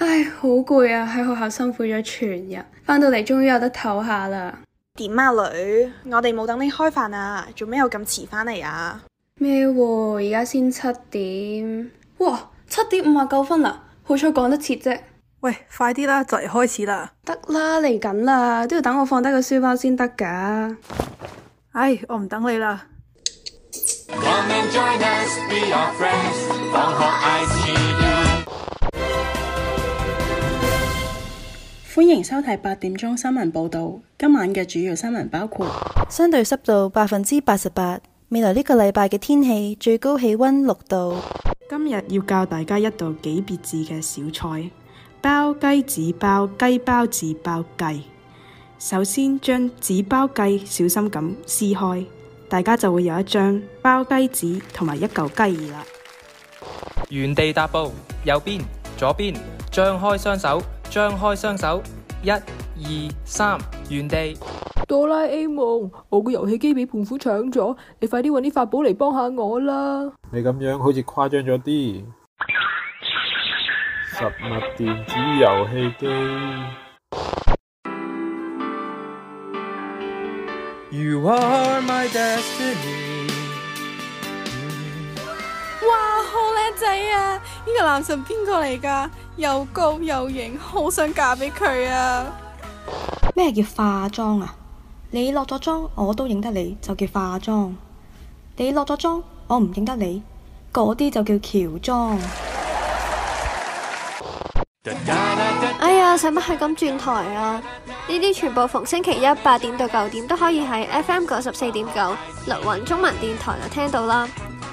唉，好攰啊！喺學校辛苦咗全日，翻到嚟終於有得唞下啦。點啊女，我哋冇等你開飯啊，做咩又咁遲翻嚟啊？咩、啊？而家先七點？哇，七點五啊九分啦，好彩講得切啫、啊。喂，快啲啦，就嚟開始啦。得啦，嚟緊啦，都要等我放低個書包先得㗎。唉、哎，我唔等你啦。歡迎收睇八點鐘新聞報道。今晚嘅主要新聞包括相對濕度百分之八十八。未來呢個禮拜嘅天氣最高氣温六度。今日要教大家一道幾別致嘅小菜——包雞紙包雞包紙包雞。首先將紙包雞小心咁撕開，大家就會有一張包雞紙同埋一嚿雞啦。原地踏步，右邊，左邊，張開雙手。張開雙手，一二三，原地。哆啦 A 夢，我個遊戲機俾胖虎搶咗，你快啲搵啲法寶嚟幫下我啦！你咁樣好似誇張咗啲。實物電子遊戲機。哇，好靚仔啊！呢個男神邊個嚟噶？又高又型，好想嫁俾佢啊！咩叫化妝啊？你落咗妝，我都認得你，就叫化妝。你落咗妝，我唔認得你，嗰啲就叫喬裝。哎呀，使乜係咁轉台啊？呢啲全部逢星期一八點到九點都可以喺 FM 九十四點九律雲中文電台度聽到啦。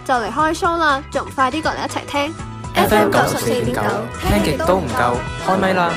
就嚟開 show 啦，仲快啲過嚟一齊聽。FM 九十四點九，聽極都唔夠，開咪啦！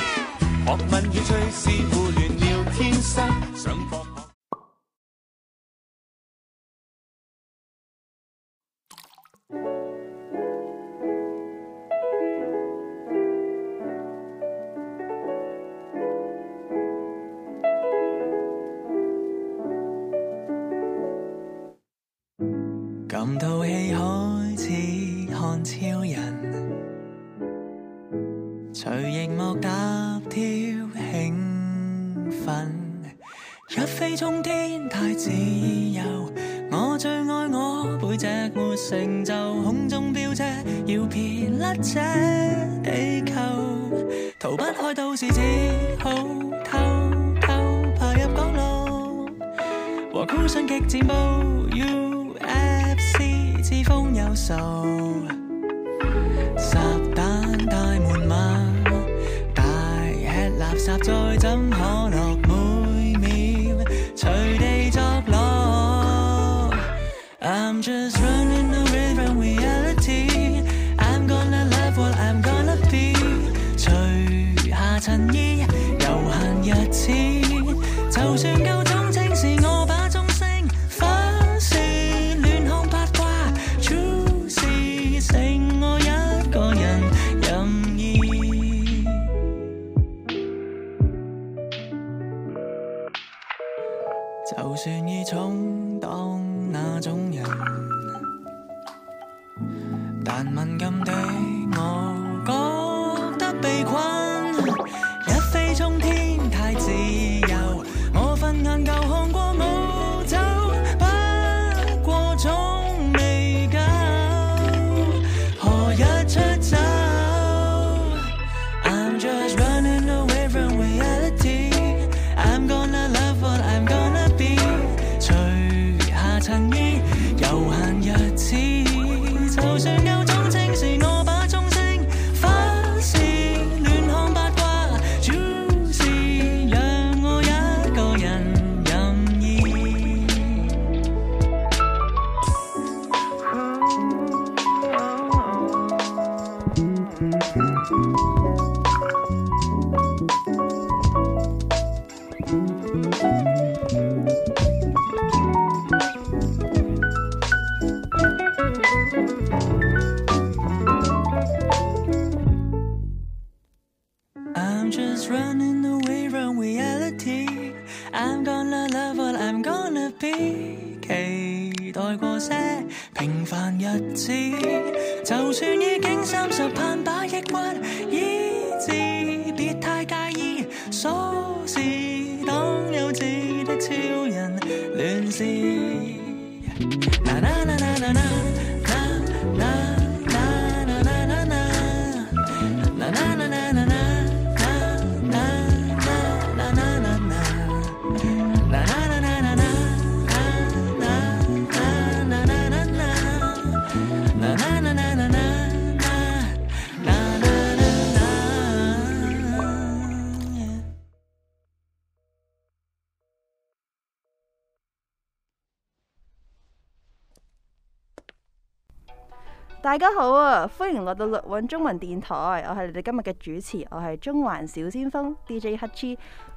大家好啊，歡迎來到律韻中文電台，我係你哋今日嘅主持，我係中環小先鋒 DJ 乞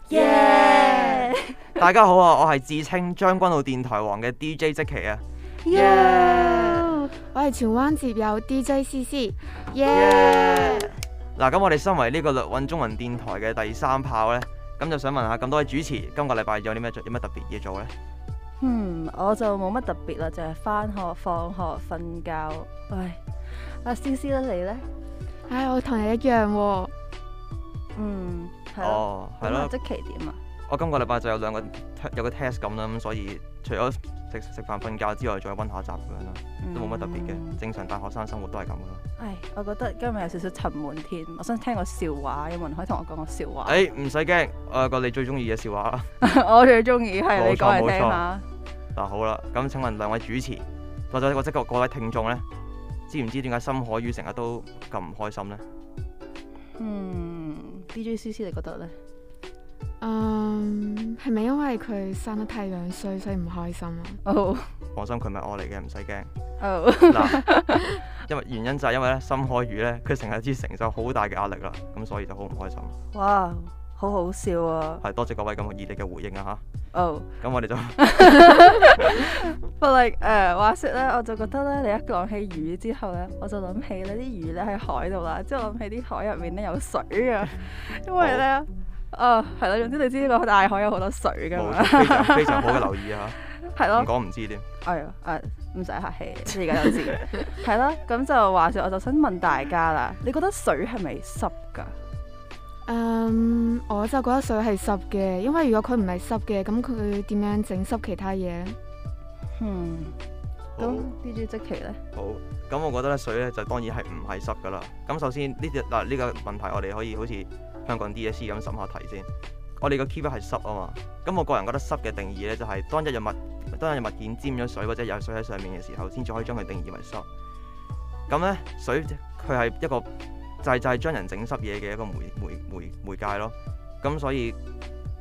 嗤，yeah。大家好啊，我係自稱將軍澳電台王嘅 DJ 積奇啊，yeah。Yeah! 我係荃灣接友 DJ C C，yeah。嗱，咁我哋身為呢個律韻中文電台嘅第三炮呢，咁就想問下咁多位主持，今個禮拜有啲咩有乜特別嘢做呢？嗯，我就冇乜特別啦，就係返學、放學、瞓覺。喂，阿 CC 咧，你咧？唉，啊 C C C, 哎、我同你一樣、哦。嗯，係咯。係咯、哦。積奇點啊？我今個禮拜就有兩個有個 test 咁啦，咁所以除咗食食飯、瞓覺之外，仲有温下習咁樣咯，都冇乜特別嘅。嗯、正常大學生生活都係咁噶啦。唉，我覺得今日有少少沉悶添。我想聽個笑話，有冇人可以同我講個笑話？誒、欸，唔使驚，我有個你最中意嘅笑話 我最中意，係 錯你講嚟聽下。嗱好啦，咁請問兩位主持或者我即刻各位聽眾咧，知唔知點解深海魚成日都咁唔開心咧？嗯，DJ CC，你覺得咧？嗯，係咪，um, 因為佢生得太樣衰，所以唔開心啊？哦、oh.，放心，佢咪我嚟嘅，唔使驚。哦，嗱，因為原因就係因為咧，深海魚咧，佢成日要承受好大嘅壓力啦，咁所以就好唔開心。哇，wow, 好好笑啊！係多謝各位咁熱烈嘅回應啊吓。哦、oh. 嗯，咁我哋就，不過誒，話說咧，我就覺得咧，你一講起魚之後咧，我就諗起你啲魚咧喺海度啦，之後諗起啲海入面咧有水啊，因為咧。Oh. 啊，係咯、哦，總之你知呢啦，大海有好多水噶。非常非常好嘅留意啊，係咯，唔講唔知添。係啊， 唔使客氣，而家有事。係啦，咁就話說，我就想問大家啦，你覺得水係咪濕噶？Um, 我就覺得水係濕嘅，因為如果佢唔係濕嘅，咁佢點樣整濕其他嘢？嗯，咁 DJ 積奇咧？好，咁我覺得咧水咧就當然係唔係濕噶啦。咁首先呢只嗱呢個問題，我哋可以好似。香港 DSE 咁審下題先，我哋個 key one 係濕啊嘛。咁我個人覺得濕嘅定義呢，就係當一物當一物件沾咗水或者有水喺上面嘅時候，先至可以將佢定義為濕。咁呢，水佢係一個就係就係將人整濕嘢嘅一個媒媒媒介咯。咁所以，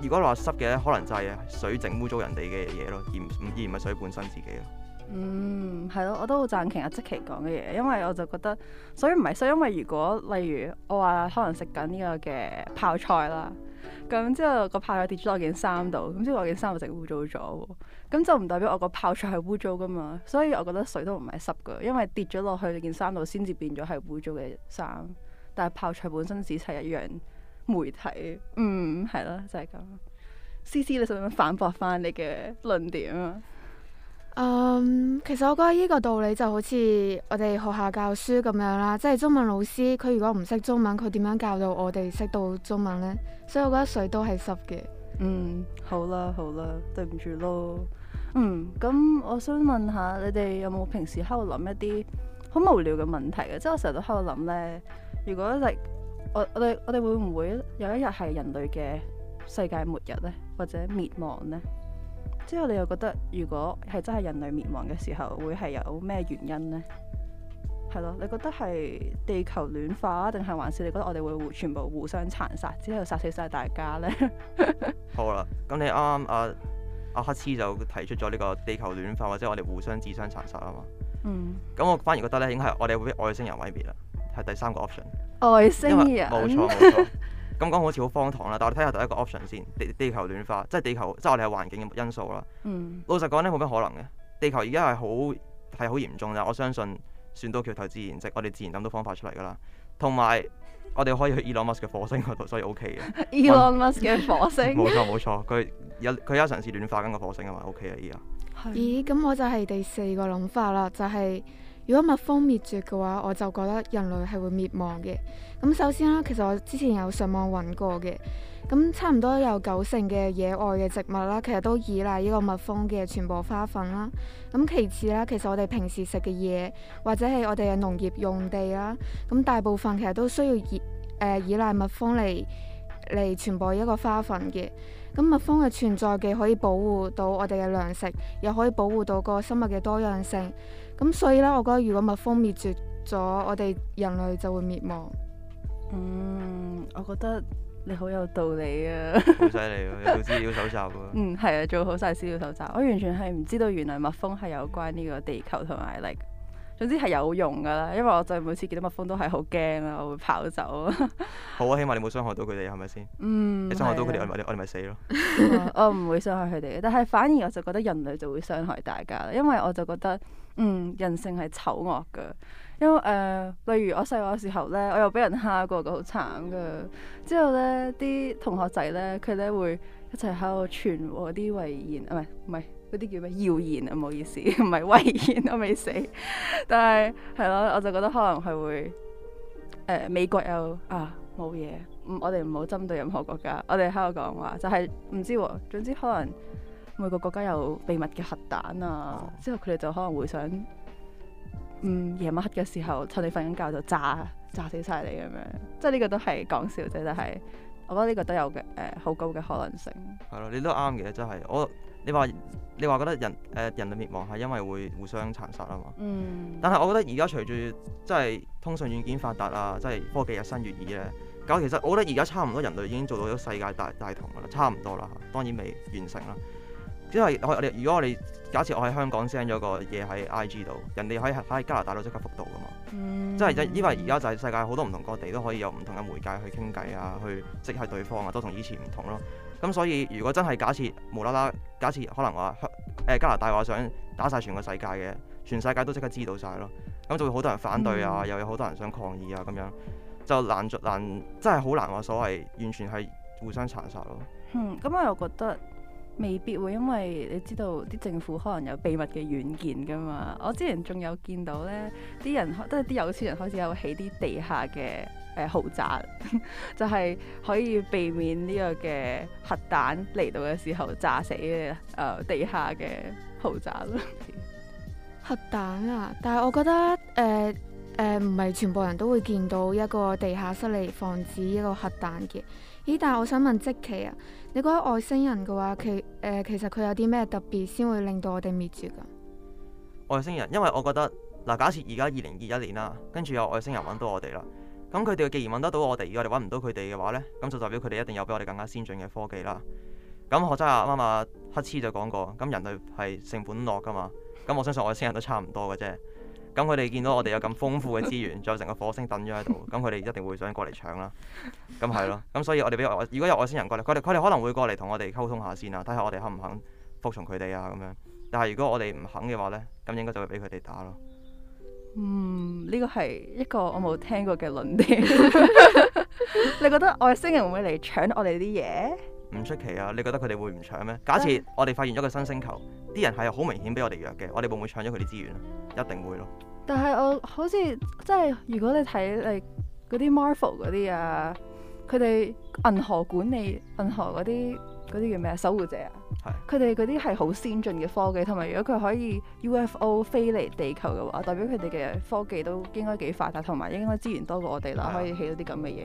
如果你話濕嘅可能就係水整污糟人哋嘅嘢咯，而唔而唔係水本身自己咯。嗯，係咯，我都好贊成阿積奇講嘅嘢，因為我就覺得，所以唔係所以因為如果例如我話可能食緊呢個嘅泡菜啦，咁之後個泡菜跌咗落件衫度，咁之後件衫就成污糟咗，咁就唔代表我個泡菜係污糟噶嘛，所以我覺得水都唔係濕噶，因為跌咗落去件衫度先至變咗係污糟嘅衫，但係泡菜本身只係一樣媒體，嗯，係咯就係、是、咁，CC 你想唔想反駁翻你嘅論點啊？嗯，um, 其實我覺得呢個道理就好似我哋學校教書咁樣啦，即係中文老師佢如果唔識中文，佢點樣教到我哋識到中文呢？所以我覺得水都係濕嘅。嗯，好啦好啦，對唔住咯。嗯，咁我想問下你哋有冇平時喺度諗一啲好無聊嘅問題嘅？即係我成日都喺度諗呢：如果我我哋我哋會唔會有一日係人類嘅世界末日呢？或者滅亡呢？之後你又覺得如果係真係人類滅亡嘅時候，會係有咩原因呢？係咯，你覺得係地球暖化定係還，還是你覺得我哋會全部互相殘殺，之後殺死晒大家呢？ 好啦，咁你啱啱阿阿乞嗤就提出咗呢個地球暖化或者我哋互相自相殘殺啊嘛。嗯。咁我反而覺得咧，應該係我哋會被外星人毀滅啦，係第三個 option。外星人。冇錯冇錯。 咁講好似好荒唐啦，但係我哋睇下第一個 option 先。地地球暖化即係地球，即係我哋係環境嘅因素啦。嗯、老實講呢，冇乜可能嘅。地球而家係好係好嚴重啦，我相信算到橋頭自然直，我哋自然諗到方法出嚟噶啦。同埋我哋可以去 Elon Musk 嘅火星嗰度，所以 OK 嘅。Elon Musk 嘅火星，冇錯冇錯，佢有佢有嘗試暖化緊個火星係嘛。OK 啊？依家是咦？咁我就係第四個諗法啦，就係、是、如果蜜蜂滅絕嘅話，我就覺得人類係會滅亡嘅。咁首先啦，其實我之前有上網揾過嘅，咁差唔多有九成嘅野外嘅植物啦，其實都依賴呢個蜜蜂嘅傳播花粉啦。咁其次啦，其實我哋平時食嘅嘢或者係我哋嘅農業用地啦，咁大部分其實都需要、呃、依誒依賴蜜蜂嚟嚟傳播呢個花粉嘅。咁蜜蜂嘅存在既可以保護到我哋嘅糧食，又可以保護到個生物嘅多樣性。咁所以呢，我覺得如果蜜蜂滅絕咗，我哋人類就會滅亡。嗯，我覺得你好有道理啊！好犀利啊，有資料搜集啊！嗯，係啊，做好晒資料搜集，我完全係唔知道原來蜜蜂係有關呢個地球同埋力，總之係有用噶啦，因為我就每次見到蜜蜂都係好驚啊，我會跑走啊。 好啊，希望你冇傷害到佢哋，係咪先？嗯，你傷害到佢哋，啊、我哋咪死咯。 我唔會傷害佢哋嘅，但係反而我就覺得人類就會傷害大家，因為我就覺得嗯人性係醜惡噶。因為誒、呃，例如我細個嘅時候咧，我又俾人蝦過嘅，好慘噶。之後咧，啲同學仔咧，佢咧會一齊喺度傳和啲遺言，唔係唔係嗰啲叫咩謠言啊，唔好意思，唔係遺言，我未死。但係係咯，我就覺得可能係會誒、呃，美國又啊冇嘢，我哋唔好針對任何國家，我哋喺度講話就係、是、唔知，總之可能每個國家有秘密嘅核彈啊，之後佢哋就可能會想。嗯，夜晚黑嘅時候趁你瞓緊覺就炸炸死晒你咁樣，即係呢個都係講笑啫，但係我覺得呢個都有嘅誒，好、呃、高嘅可能性。係咯，你都啱嘅，真係我你話你話覺得人誒、呃、人類滅亡係因為會互相殘殺啊嘛。嗯。但係我覺得而家隨住即係通訊軟件發達啊，即係科技日新月異咧，搞其實我覺得而家差唔多人類已經做到咗世界大大同噶啦，差唔多啦，當然未完成啦。因為我哋，如果我哋假設，我喺香港 send 咗個嘢喺 IG 度，人哋可以喺加拿大都即刻復到噶嘛，即係因為而家就係世界好多唔同各地都可以有唔同嘅媒介去傾偈啊，去即係對方啊，都同以前唔同咯、啊。咁所以如果真係假設無啦啦，假設可能話香加拿大話想打晒全個世界嘅，全世界都即刻知道晒咯，咁就會好多人反對啊，嗯、又有好多人想抗議啊咁樣，就難難真係好難話所謂完全係互相殘殺咯、啊。咁、嗯、我又覺得。未必會，因為你知道啲政府可能有秘密嘅軟件㗎嘛。我之前仲有見到呢啲人都係啲有錢人開始有起啲地下嘅誒、呃、豪宅， 就係可以避免呢個嘅核彈嚟到嘅時候炸死嘅、呃、地下嘅豪宅啦。 核彈啊！但係我覺得誒誒唔係全部人都會見到一個地下室嚟防止一個核彈嘅。咦，但係我想問積奇啊，你覺得外星人嘅話，其誒、呃、其實佢有啲咩特別先會令到我哋滅絕噶？外星人，因為我覺得嗱，假設而家二零二一年啦，跟住有外星人揾到我哋啦，咁佢哋既然揾得到我哋，而我哋揾唔到佢哋嘅話呢，咁就代表佢哋一定有比我哋更加先進嘅科技啦。咁，我真係啱啱乞嗤就講過，咁人類係性本樂噶嘛，咁我相信外星人都差唔多嘅啫。咁佢哋見到我哋有咁豐富嘅資源，仲 有成個火星等咗喺度，咁佢哋一定會想過嚟搶、啊、啦。咁係咯，咁所以我哋比如我，如果有外星人過嚟，佢哋佢哋可能會過嚟同我哋溝通下先啊，睇下我哋肯唔肯服從佢哋啊咁樣。但係如果我哋唔肯嘅話呢，咁應該就會俾佢哋打咯。嗯，呢個係一個我冇聽過嘅論點。你覺得外星人會唔會嚟搶我哋啲嘢？唔出奇啊！你覺得佢哋會唔搶咩？假設我哋發現咗個新星球。啲人係好明顯俾我哋弱嘅，我哋會唔會搶咗佢啲資源啊？一定會咯。但係我好似即係如果你睇你嗰啲 Marvel 嗰啲啊，佢哋銀河管理銀河嗰啲嗰啲叫咩啊？守護者啊，佢哋嗰啲係好先進嘅科技，同埋如果佢可以 UFO 飛嚟地球嘅話，代表佢哋嘅科技都應該幾發達，同埋應該資源多過我哋啦，可以起到啲咁嘅嘢。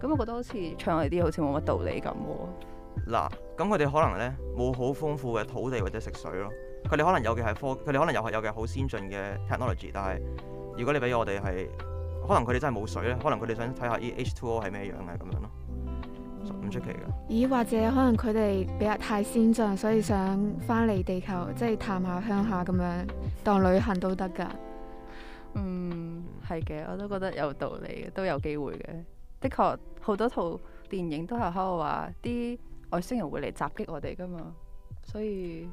咁的我覺得好似搶佢啲好似冇乜道理咁喎。嗱，咁佢哋可能呢冇好豐富嘅土地或者食水咯。佢哋可能有嘅係科，佢哋可能有學有嘅好先進嘅 technology，但係如果你比我哋係，可能佢哋真係冇水呢？可能佢哋想睇下依 H two O 係咩樣嘅咁樣咯，唔出奇㗎。咦？或者可能佢哋比較太先進，所以想翻嚟地球即係、就是、探下鄉下咁樣當旅行都得㗎。嗯，係嘅，我都覺得有道理嘅，都有機會嘅。的確好多套電影都係喺度話啲。外星人會嚟襲擊我哋噶嘛？所以，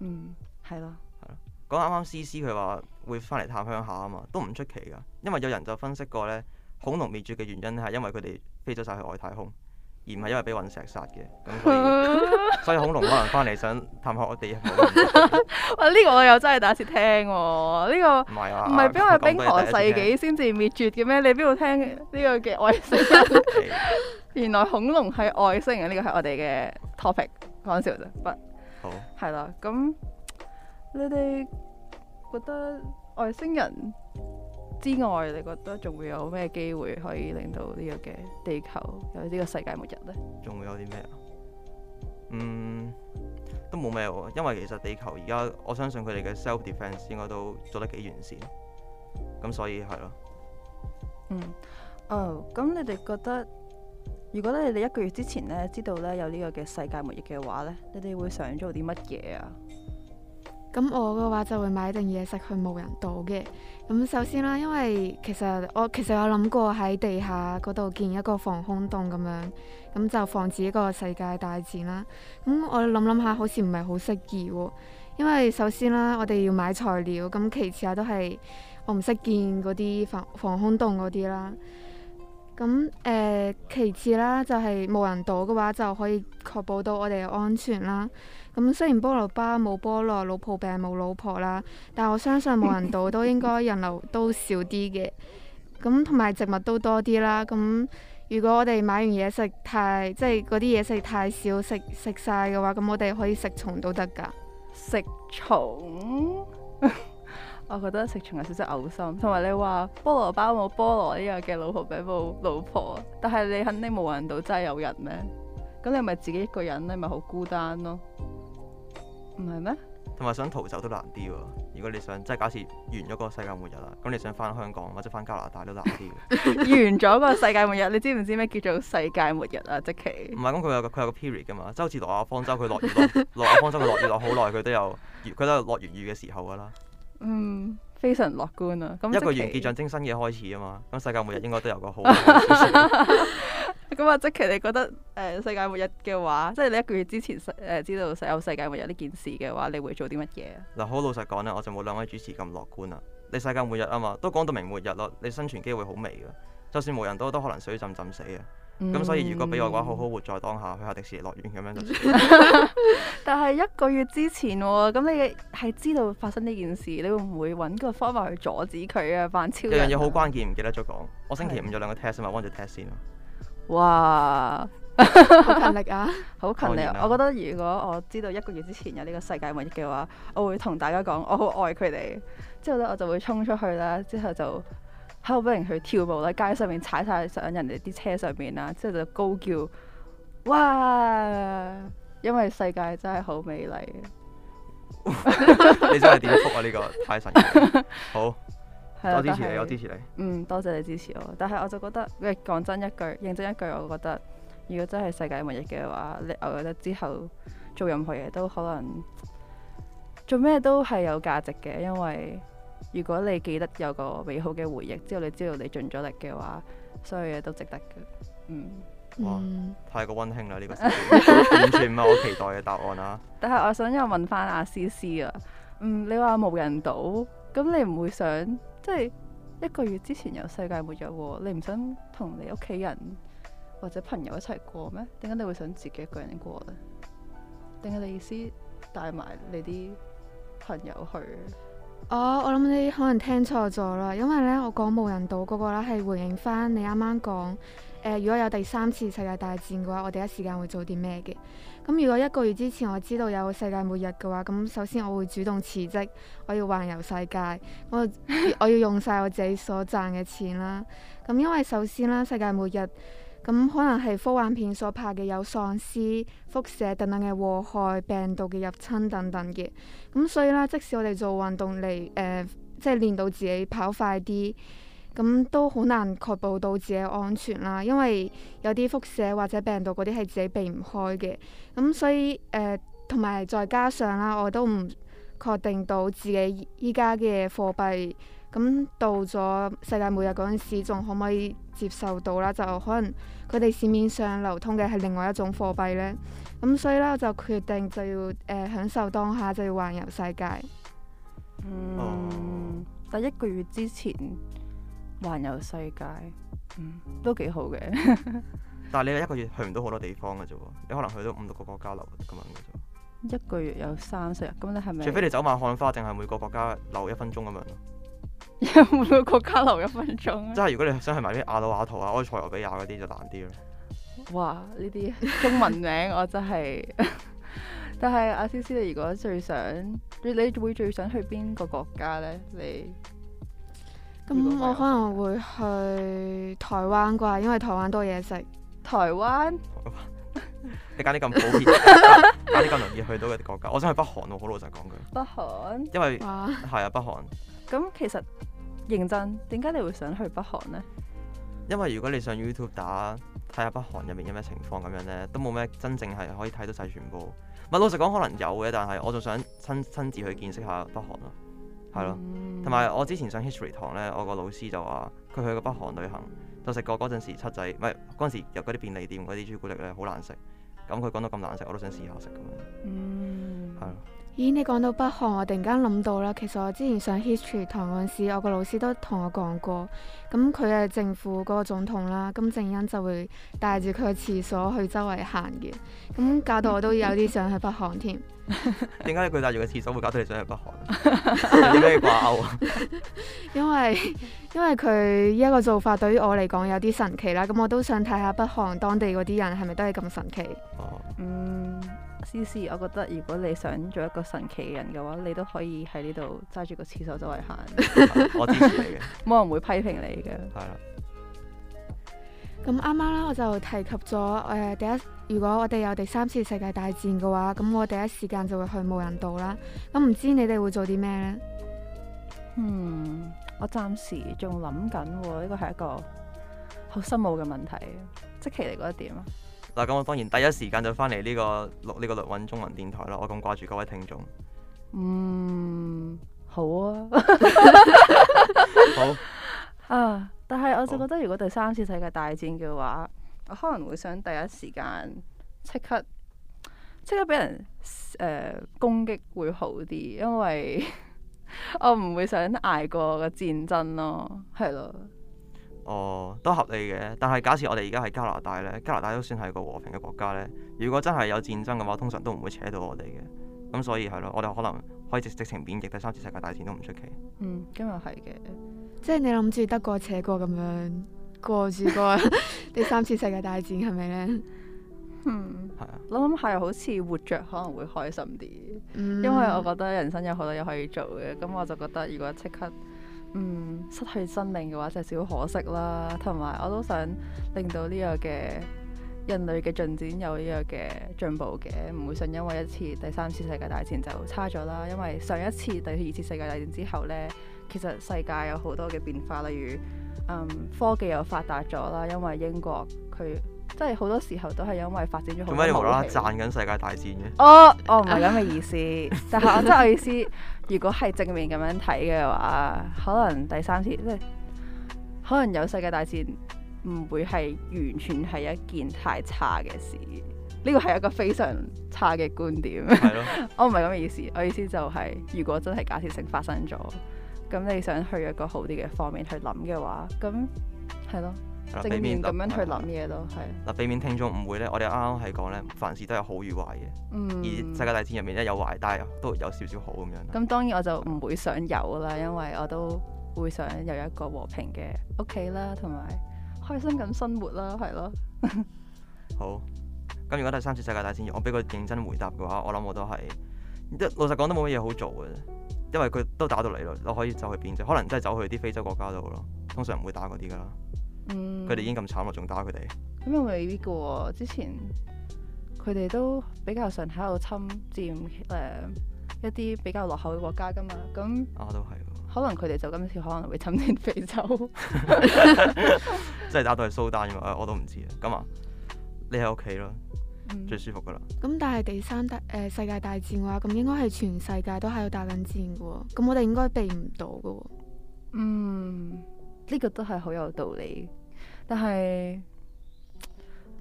嗯，係咯，係咯。講啱啱 CC 佢話會翻嚟探鄉下啊嘛，都唔出奇噶。因為有人就分析過咧，恐龍滅絕嘅原因係因為佢哋飛咗晒去外太空，而唔係因為俾隕石殺嘅。咁所以， 所以恐龍可能翻嚟想探下我哋。冇喂， 呢、呢個我又真係第一次聽。呢個唔係啊，唔係俾我哋冰河世紀先至滅絕嘅咩？你邊度聽呢個嘅外星人？ 欸原來恐龍係外星人，呢個係我哋嘅 topic，講笑啫，不，好係啦。咁你哋覺得外星人之外，你覺得仲會有咩機會可以令到呢個嘅地球有呢個世界末日呢？仲會有啲咩啊？嗯，都冇咩喎，因為其實地球而家我相信佢哋嘅 self defense 應該都做得幾完善，咁所以係咯。嗯，哦，咁你哋覺得？如果咧你哋一個月之前咧知道咧有呢個嘅世界末日嘅話呢，你哋會想做啲乜嘢啊？咁我嘅話就會買定嘢食去無人島嘅。咁首先啦，因為其實我其實有諗過喺地下嗰度建一個防空洞咁樣，咁就防止呢個世界大戰啦。咁我諗諗下，好似唔係好適宜喎。因為首先啦，我哋要買材料，咁其次啊都係我唔識建嗰啲防防空洞嗰啲啦。咁誒、呃，其次啦，就係、是、冇人島嘅話，就可以確保到我哋嘅安全啦。咁雖然菠蘿包冇菠蘿，老婆餅冇老婆啦，但我相信冇人島都應該人流都少啲嘅。咁同埋植物都多啲啦。咁如果我哋買完嘢食太，即係嗰啲嘢食太少，食食曬嘅話，咁我哋可以食蟲都得㗎。食蟲？ 我覺得食蟲有少少嘔心，同埋你話菠蘿包冇菠蘿呢樣嘅老婆，俾冇老婆。但係你肯定冇揾到真係有人咩？咁你咪自己一個人你咪好孤單咯？唔係咩？同埋想逃走都難啲喎。如果你想即係假設完咗個世界末日啦，咁你想翻香港或者翻加拿大都難啲 完咗個世界末日， 你知唔知咩叫做世界末日啊？即期唔係咁，佢有個佢有個 period 㗎嘛。即好似羅亞方舟，佢落雨落羅亞方舟，佢落雨落好耐，佢 都有佢都有落完雨嘅時候㗎啦。嗯，非常樂觀啊！咁一個完結係精神嘅開始啊嘛，咁、嗯世、呃、世界末日應該都有個好嘅。咁啊，積奇你覺得誒世界末日嘅話，即係你一個月之前誒、呃、知道有世界末日呢件事嘅話，你會做啲乜嘢？嗱，好老實講咧，我就冇兩位主持咁樂觀啊。你世界末日啊嘛，都講到明末日咯，你生存機會好微嘅，就算冇人都都可能水浸浸死啊。咁所以如果俾我嘅話，好好活在當下，去下迪士尼樂園咁樣就算。但係一個月之前喎、哦，咁你係知道發生呢件事，你會唔會揾個方法去阻止佢啊？扮超人啊。呢樣嘢好關鍵，唔記得咗講。我星期五有兩個 test 啊嘛溫咗 test 先試 哇，好勤力啊，好勤力啊！我覺得如果我知道一個月之前有呢個世界末日嘅話，我會同大家講，我好愛佢哋。之後咧，我就會衝出去啦。之後，後就。喺度不停去跳舞啦，街上面踩晒上人哋啲車上面啦，之後就高叫哇！因為世界真係好美麗。你真係點福啊？呢個太神，好多支持你，我支持你。嗯，多謝你支持我。但係我就覺得，誒講真一句，認真一句，我覺得如果真係世界末日嘅話，你我覺得之後做任何嘢都可能做咩都係有價值嘅，因為。如果你記得有個美好嘅回憶，之後你知道你盡咗力嘅話，所有嘢都值得嘅。嗯，哇，嗯、太過溫馨啦呢、呢個， 完全唔係我期待嘅答案啦、啊。但係我想又問翻阿、啊、思思啊，嗯，你話無人島，咁你唔會想即係一個月之前有世界末日喎？你唔想同你屋企人或者朋友一齊過咩？點解你會想自己一個人過咧？定係你意思帶埋你啲朋友去？哦，oh, 我諗你可能聽錯咗啦，因為呢，我講無人島嗰，那個呢係回應返你啱啱講，誒，如果有第三次世界大戰嘅話，我第一時間會做啲咩嘅？咁如果一個月之前我知道有世界末日嘅話，咁首先我會主動辭職，我要環遊世界，我我要用晒我自己所賺嘅錢啦。咁因為首先啦，世界末日。咁可能係科幻片所拍嘅有喪屍、輻射等等嘅禍害、病毒嘅入侵等等嘅。咁所以啦，即使我哋做運動嚟，誒、呃，即係練到自己跑快啲，咁都好難確保到自己安全啦。因為有啲輻射或者病毒嗰啲係自己避唔開嘅。咁所以誒，呃、同埋再加上啦，我都唔確定到自己依家嘅貨幣。咁到咗世界末日嗰陣時，仲可唔可以接受到啦？就可能佢哋市面上流通嘅係另外一種貨幣呢。咁所以咧，我就決定就要誒、呃、享受當下，就要環遊世界。嗯，第、哦、一個月之前環遊世界，嗯、都幾好嘅。 但係你一個月去唔到好多地方嘅啫喎，你可能去到五六個國家留。咁樣嘅啫。一個月有三十日，咁你係咪？除非你走馬看花，定係每個國家留一分鐘咁樣咯。有冇個國家留一分鐘，啊？即係如果你想去埋啲瓦努阿圖啊、埃塞羅比亞嗰啲就難啲啦。哇！呢啲 中文名我真係，但係阿思思，你如果最想，你你會最想去邊個國家咧？你咁我可能會去台灣啩，因為台灣多嘢食。台灣， 你揀啲咁普遍、揀啲咁容易去到嘅啲國家， 我想去北韓咯。我好老實講句，北韓，因為係啊，北韓。咁其實認真，點解你會想去北韓呢？因為如果你上 YouTube 打睇下北韓入面有咩情況咁樣呢，都冇咩真正係可以睇到晒全部。唔係，老實講，可能有嘅，但係我仲想親親自去見識下北韓咯，係咯。同埋、嗯、我之前上 History 堂呢，我個老師就話，佢去過北韓旅行，就食過嗰陣時七仔，唔係嗰陣時入嗰啲便利店嗰啲朱古力呢，好難食。咁佢講到咁難食，我都想試下食咁樣，係咯、嗯。咦、欸，你講到北韓，我突然間諗到啦。其實我之前上 history 堂嗰陣時，我個老師都同我講過。咁佢係政府嗰個總統啦，金正恩就會帶住佢個廁所去周圍行嘅。咁搞到我都有啲想去北韓添。點解佢帶住個廁所會搞到你想去北韓？有咩掛鈎啊？因為因為佢依一個做法對於我嚟講有啲神奇啦。咁我都想睇下北韓當地嗰啲人係咪都係咁神奇。哦、嗯。思思，我覺得如果你想做一個神奇嘅人嘅話，你都可以喺呢度揸住個廁所周圍行。冇 人會批評你嘅。係啦。咁啱啱咧，我就提及咗誒，第一，如果我哋有第三次世界大戰嘅話，咁我第一時間就會去無人島啦。咁唔知你哋會做啲咩呢？嗯，我暫時仲諗緊喎，呢個係一個好深奧嘅問題。積奇你覺得點啊？咁、啊、我當然第一時間就翻嚟呢個錄呢、呢個律韻中文電台咯，我咁掛住各位聽眾。嗯，好啊， 好啊，但係我就覺得，如果第三次世界大戰嘅話，好我可能會想第一時間即刻即刻俾人誒、呃、攻擊會好啲，因為 我唔會想捱過個戰爭咯，係咯。哦，都合理嘅。但係假設我哋而家喺加拿大呢，加拿大都算係個和平嘅國家呢。如果真係有戰爭嘅話，通常都唔會扯到我哋嘅。咁所以係咯，我哋可能可以直接直情，免疫第三次世界大戰都唔出奇。嗯，今日係嘅，即係你諗住得過且過咁樣過住個第三次世界大戰係咪呢？嗯，係啊的。諗諗下好似活着可能會開心啲，嗯、因為我覺得人生有好多嘢可以做嘅。咁我就覺得如果即刻。嗯，失去生命嘅話就少、是、可惜啦，同埋我都想令到呢個嘅人類嘅進展有呢個嘅進步嘅，唔會想因為一次第三次世界大戰就差咗啦。因為上一次第二次世界大戰之後呢，其實世界有好多嘅變化，例如、嗯、科技又發達咗啦，因為英國佢。即係好多時候都係因為發展咗好，做咩無啦啦賺緊世界大戰嘅？哦，oh, 我唔係咁嘅意思， 但係我真係意思，如果係正面咁樣睇嘅話，可能第三次即係、就是、可能有世界大戰唔會係完全係一件太差嘅事。呢個係一個非常差嘅觀點。係咯了， 我唔係咁嘅意思，我意思就係、是、如果真係假設性發生咗，咁你想去一個好啲嘅方面去諗嘅話，咁係咯。正面咁樣，的樣去諗嘢咯，係嗱、嗯，避免聽眾誤會咧，我哋啱啱係講咧，凡事都有好與壞嘅。而世界大戰入面咧有壞，但係都有少少好咁樣。咁當然我就唔會想有啦，因為我都會想有一個和平嘅屋企啦，同埋開心咁生活啦，係咯。 好。咁如果第三次世界大戰，我俾個認真回答嘅話，我諗我都係，即老實講都冇乜嘢好做嘅，因為佢都，都打到嚟啦，我可以走去邊啫？可能真係走去啲非洲國家度咯，通常唔會打嗰啲噶啦。佢哋、嗯、已經咁慘咯，仲打佢哋？咁又未必噶，之前佢哋都比較常喺度侵佔誒、呃、一啲比較落後嘅國家噶嘛，咁啊都係，可能佢哋就今次可能會侵佔非洲，即係打到去蘇丹、呃，我都唔知啊。咁啊，你喺屋企咯，嗯、最舒服噶啦。咁但係第三次誒、呃、世界大戰嘅話，咁應該係全世界都喺度大冷戰噶，咁我哋應該避唔到噶。嗯。呢個都係好有道理，但係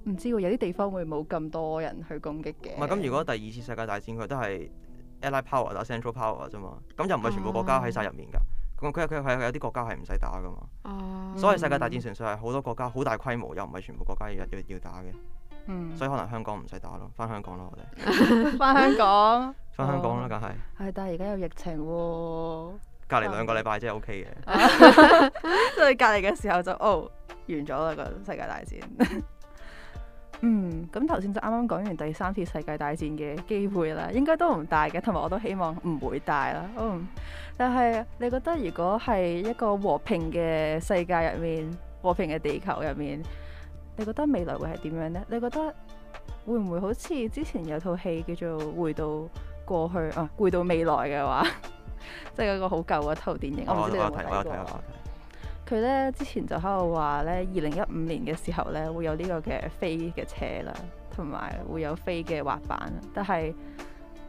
唔知有啲地方會冇咁多人去攻擊嘅。唔係咁，如果第二次世界大戰佢都係 Allied Power 打 Central Power 啫嘛，咁又唔係全部國家喺晒入面噶。咁佢佢佢係有啲國家係唔使打噶嘛。哦、啊。所謂世界大戰純粹係好多國家，好大規模，又唔係全部國家要要要打嘅。嗯。所以可能香港唔使打咯，翻香港咯我哋。翻 香港。翻香港啦，梗係、哦。係，但係而家有疫情喎、哦。隔籬兩個禮拜，即係 O K 嘅，所以隔籬嘅時候就哦完咗啦個世界大戰。 嗯，咁頭先就啱啱講完第三次世界大戰嘅機會啦，應該都唔大嘅，同埋我都希望唔會大啦。嗯，但係你覺得如果係一個和平嘅世界入面，和平嘅地球入面，你覺得未來會係點樣呢？你覺得會唔會好似之前有套戲叫做回到過去啊，回到未來嘅話？即係一個好舊嗰套電影，啊、我唔知你有冇睇，睇下睇下。佢咧之前就喺度話咧，二零一五年嘅時候咧會有呢個嘅飛嘅車啦，同埋會有飛嘅滑板。但係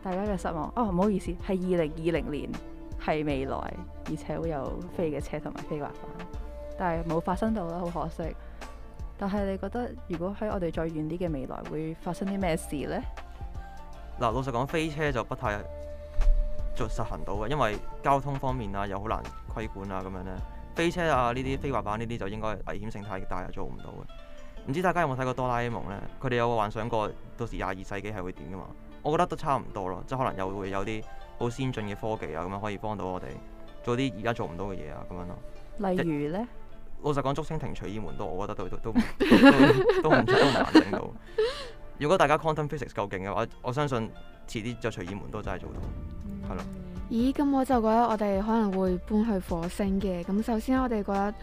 大家嘅失望，哦，唔好意思，係二零二零年，係未來，而且會有飛嘅車同埋飛滑板，但係冇發生到啦，好可惜。但係你覺得如果喺我哋再遠啲嘅未來，會發生啲咩事咧？嗱，老實講，飛車就不太。就實行到嘅，因為交通方面啊，又好難規管啊，咁樣呢，飛車啊，呢啲、嗯、飛滑板呢啲就應該危險性太大，又做唔到嘅。唔知大家有冇睇過《哆啦 A 夢》呢？佢哋有幻想過到時廿二世紀係會點嘅嘛？我覺得都差唔多咯，即係可能又會有啲好先進嘅科技啊，咁樣可以幫到我哋做啲而家做唔到嘅嘢啊，咁樣咯。例如呢，老實講，竹蜻蜓、隨意門都，我覺得都都都都唔 都，唔難整到。如果大家 quantum physics 夠勁嘅話，我相信遲啲就隨意門都真係做到。咦，咁我就覺得我哋可能會搬去火星嘅。咁首先我哋覺得，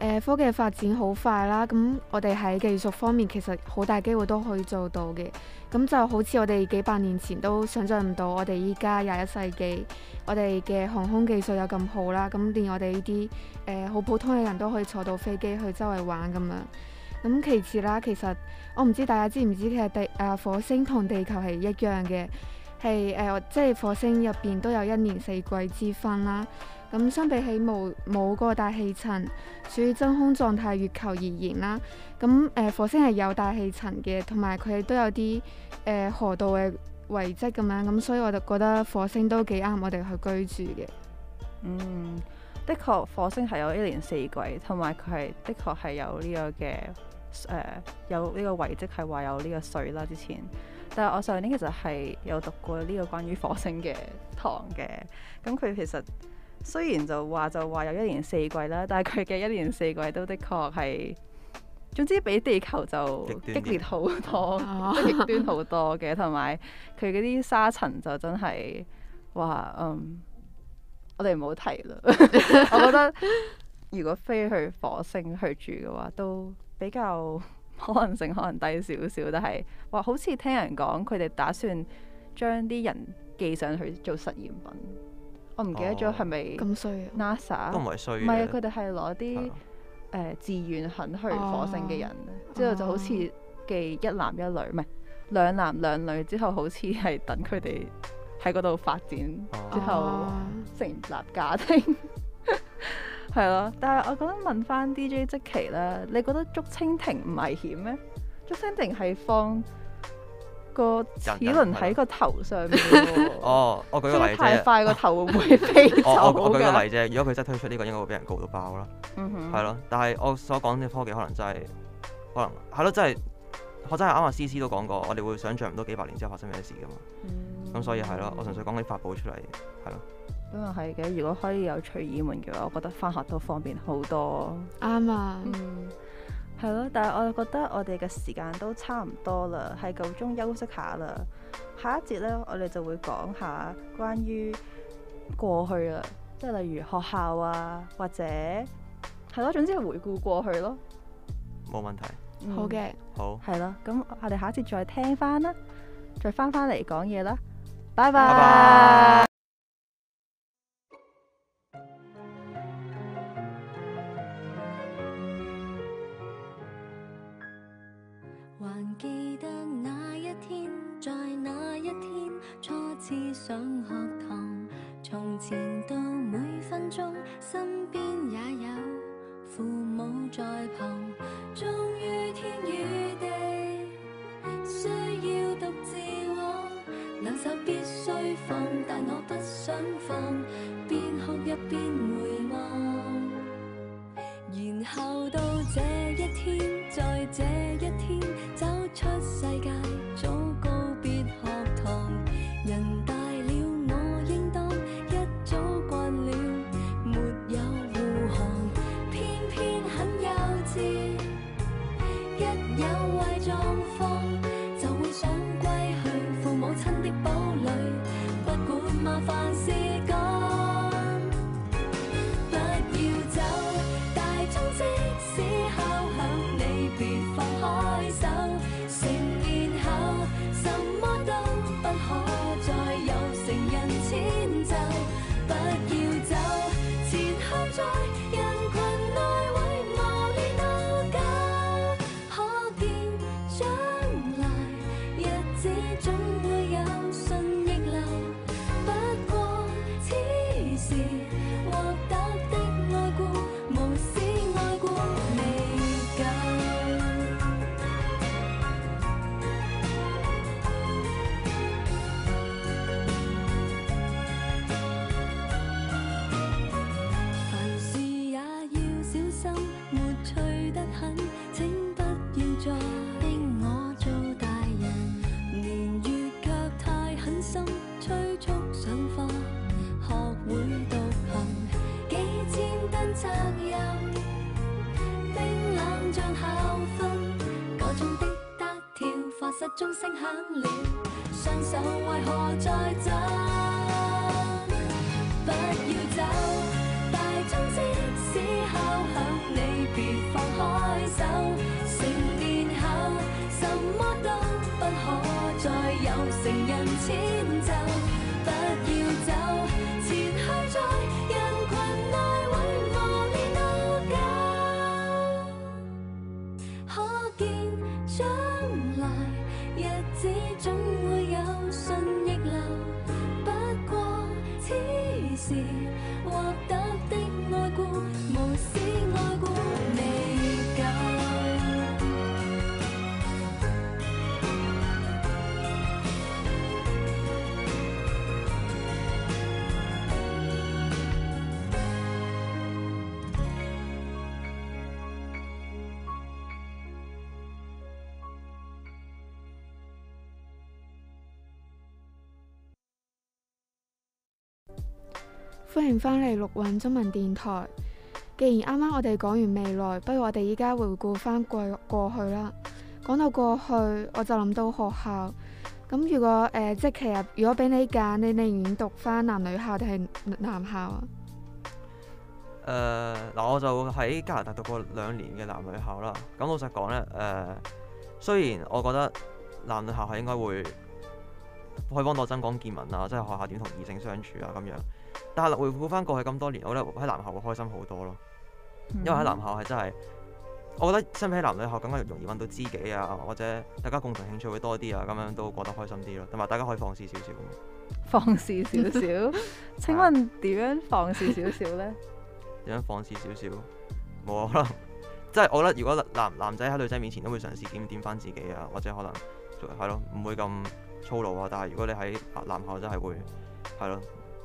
呃，科技嘅發展好快啦。咁我哋喺技術方面其實好大機會都可以做到嘅。咁就好似我哋幾百年前都想象唔到，我哋依家廿一世紀，我哋嘅航空技術有咁好啦。咁連我哋呢啲誒好普通嘅人都可以坐到飛機去周圍玩咁樣。咁其次啦，其實我唔知大家知唔知，其實地誒、啊、火星同地球係一樣嘅。係誒、呃，即係火星入邊都有一年四季之分啦。咁相比起冇冇嗰個大氣層，處於真空狀態月球而言啦。咁誒、呃，火星係有大氣層嘅，同埋佢都有啲誒河道嘅遺跡咁樣。咁所以我就覺得火星都幾啱我哋去居住嘅。嗯，的確，火星係有一年四季，同埋佢係的確係有呢個嘅誒、呃，有呢個遺跡係話有呢個水啦，之前。但係我上年其實係有讀過呢個關於火星嘅堂嘅，咁佢其實雖然就話就話有一年四季啦，但係佢嘅一年四季都的確係，總之比地球就激烈好多，即極端好 多嘅，同埋佢嗰啲沙塵就真係話嗯，我哋唔好提啦， 我覺得如果飛去火星去住嘅話，都比較。可能性可能低少少，但係話好似聽人講，佢哋打算將啲人寄上去做實驗品。我唔記得咗係咪咁 NASA 都唔係衰。唔係啊，佢哋係攞啲誒自願肯去火星嘅人，啊、之後就好似寄一男一女，唔係兩男兩女，之後好似係等佢哋喺嗰度發展，啊、之後成立，啊、家庭。 係咯，但係我覺得問翻 D J 積奇咧，你覺得竹蜻蜓唔危險咩？竹蜻蜓係放個齒輪喺個頭上面，哦。人人 哦，我舉個例太快個、啊、頭會唔會飛走？我我，我舉個例啫，如果佢真係推出呢個，應該會俾人告到爆啦。嗯哼，係咯，但係我所講嘅科技可能真、就、係、是，可能係咯，真係我真係啱啊！C C 都講過，我哋會想象唔到幾百年之後發生咩事噶嘛。咁、嗯、所以係咯，我純粹講啲發布出嚟係咯。咁又係嘅，如果可以有隨意門嘅話，我覺得返學都方便好多。啱啊！嗯，係咯，但係我又覺得我哋嘅時間都差唔多啦，係夠鐘休息下啦。下一節咧，我哋就會講下關於過去啦，即係例如學校啊，或者係咯，總之係回顧過去咯。冇問題。嗯、好嘅的。好。係咯，咁我哋下一節再聽返啦，再返返嚟講嘢啦，拜拜。Bye bye 還記得那一天，在那一天初次上學堂。從前到每分鐘身邊也有父母在旁。終於天與地需要獨自往，兩手必須放，但我不想放。邊哭泣邊回望，然後到這一天，在這一。出世界。聲響了，雙手為何在震？不要走，大鐘即使敲響，你別放開手。成年後，什麼都不可再有成人痴。始終會有信逆流，不過此時。歡迎返嚟陸韻中文電台。既然啱啱我哋講完未來，不如我哋依家回顧翻過過去啦。講到過去，我就諗到學校咁、呃。如果誒，即係其實如果俾你揀，你寧願讀翻男女校定係男校啊？誒，嗱，我就喺加拿大讀過兩年嘅男女校啦。咁老實講呢，誒、呃，雖然我覺得男女校係應該會可以幫到增廣見聞啊，即、就、係、是、學校點同異性相處啊，咁樣。但係回顧翻過去咁多年，我覺得喺男校會開心好多咯。因為喺男校係真係，我覺得相比起男女校，更加容易揾到知己啊，或者大家共同興趣會多啲啊，咁樣都過得開心啲咯。同埋大家可以放肆少少。放肆少少，請問點樣放肆少少呢？點樣放肆少少？冇可能即係我覺得，如果男男仔喺女仔面前都會嘗試檢點翻自己啊，或者可能係咯，唔會咁粗魯啊。但係如果你喺男校，真係會係咯。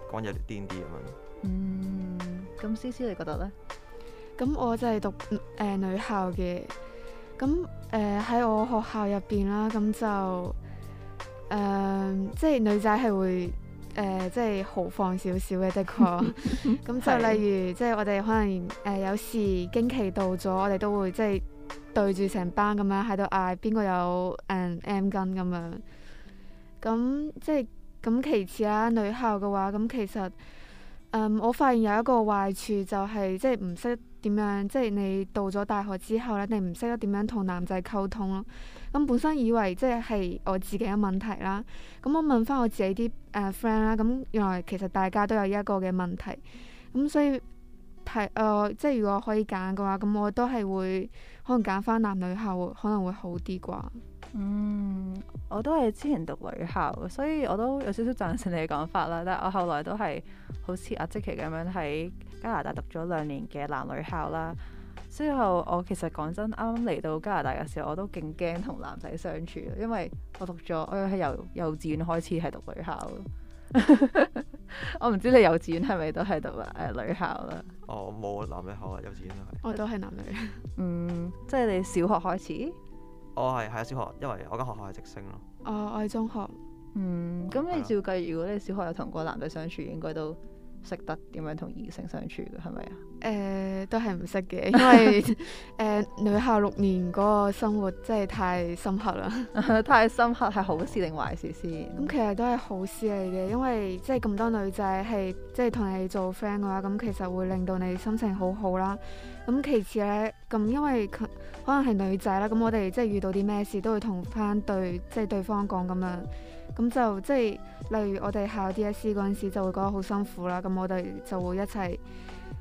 講有啲癲啲咁樣。嗯，咁 CC 你覺得咧？咁我就係讀誒、呃、女校嘅，咁誒喺我學校入邊啦，咁就誒、呃、即係女仔係會誒、呃、即係豪放少少嘅，即係咁就例如 的即係我哋可能誒、呃、有時經期到咗，我哋都會即係對住成班咁樣喺度嗌邊個有誒 M 巾咁樣？咁即係。咁其次啦，女校嘅話，咁其實，嗯，我發現有一個壞處就係，即係唔識點樣，即係你到咗大學之後咧，你唔識得點樣同男仔溝通咯。咁本身以為即係係我自己嘅問題啦。咁我問翻我自己啲誒 friend 啦，咁原來其實大家都有一個嘅問題。咁所以提誒，即係如果可以揀嘅話，咁我都係會可能揀翻男女校，可能會好啲啩。嗯，我都係之前讀女校，所以我都有少少贊成你嘅講法啦。但係我後來都係好似阿積奇咁樣喺加拿大讀咗兩年嘅男女校啦。之後我其實講真，啱啱嚟到加拿大嘅時候，我都勁驚同男仔相處，因為我讀咗，我係由幼稚園開始係讀女校。 我唔知你幼稚園係咪都係讀誒、呃、女校啦？哦，冇男女校啊，幼稚園係。我都係男女。 嗯，即係你小學開始。我係係啊小學，因為我間學校係直升咯。哦、uh,，我係中學，嗯，咁你照計，Yeah. 如果你小學有同過男仔相處，應該都識得點樣同異性相處嘅，係咪啊？誒、呃，都係唔識嘅，因為誒、 呃、女校六年嗰個生活真係太深刻啦， 太深刻係好事定壞事先？咁 其實都係好事嚟嘅，因為即係咁多女仔係即係同你做 friend 嘅話，咁其實會令到你心情好好啦。咁其次咧，咁因為可能係女仔啦，咁我哋即係遇到啲咩事都會同翻對即係對方講咁樣，咁就即係例如我哋考 DSE 嗰陣時就會覺得好辛苦啦，咁我哋就會一齊，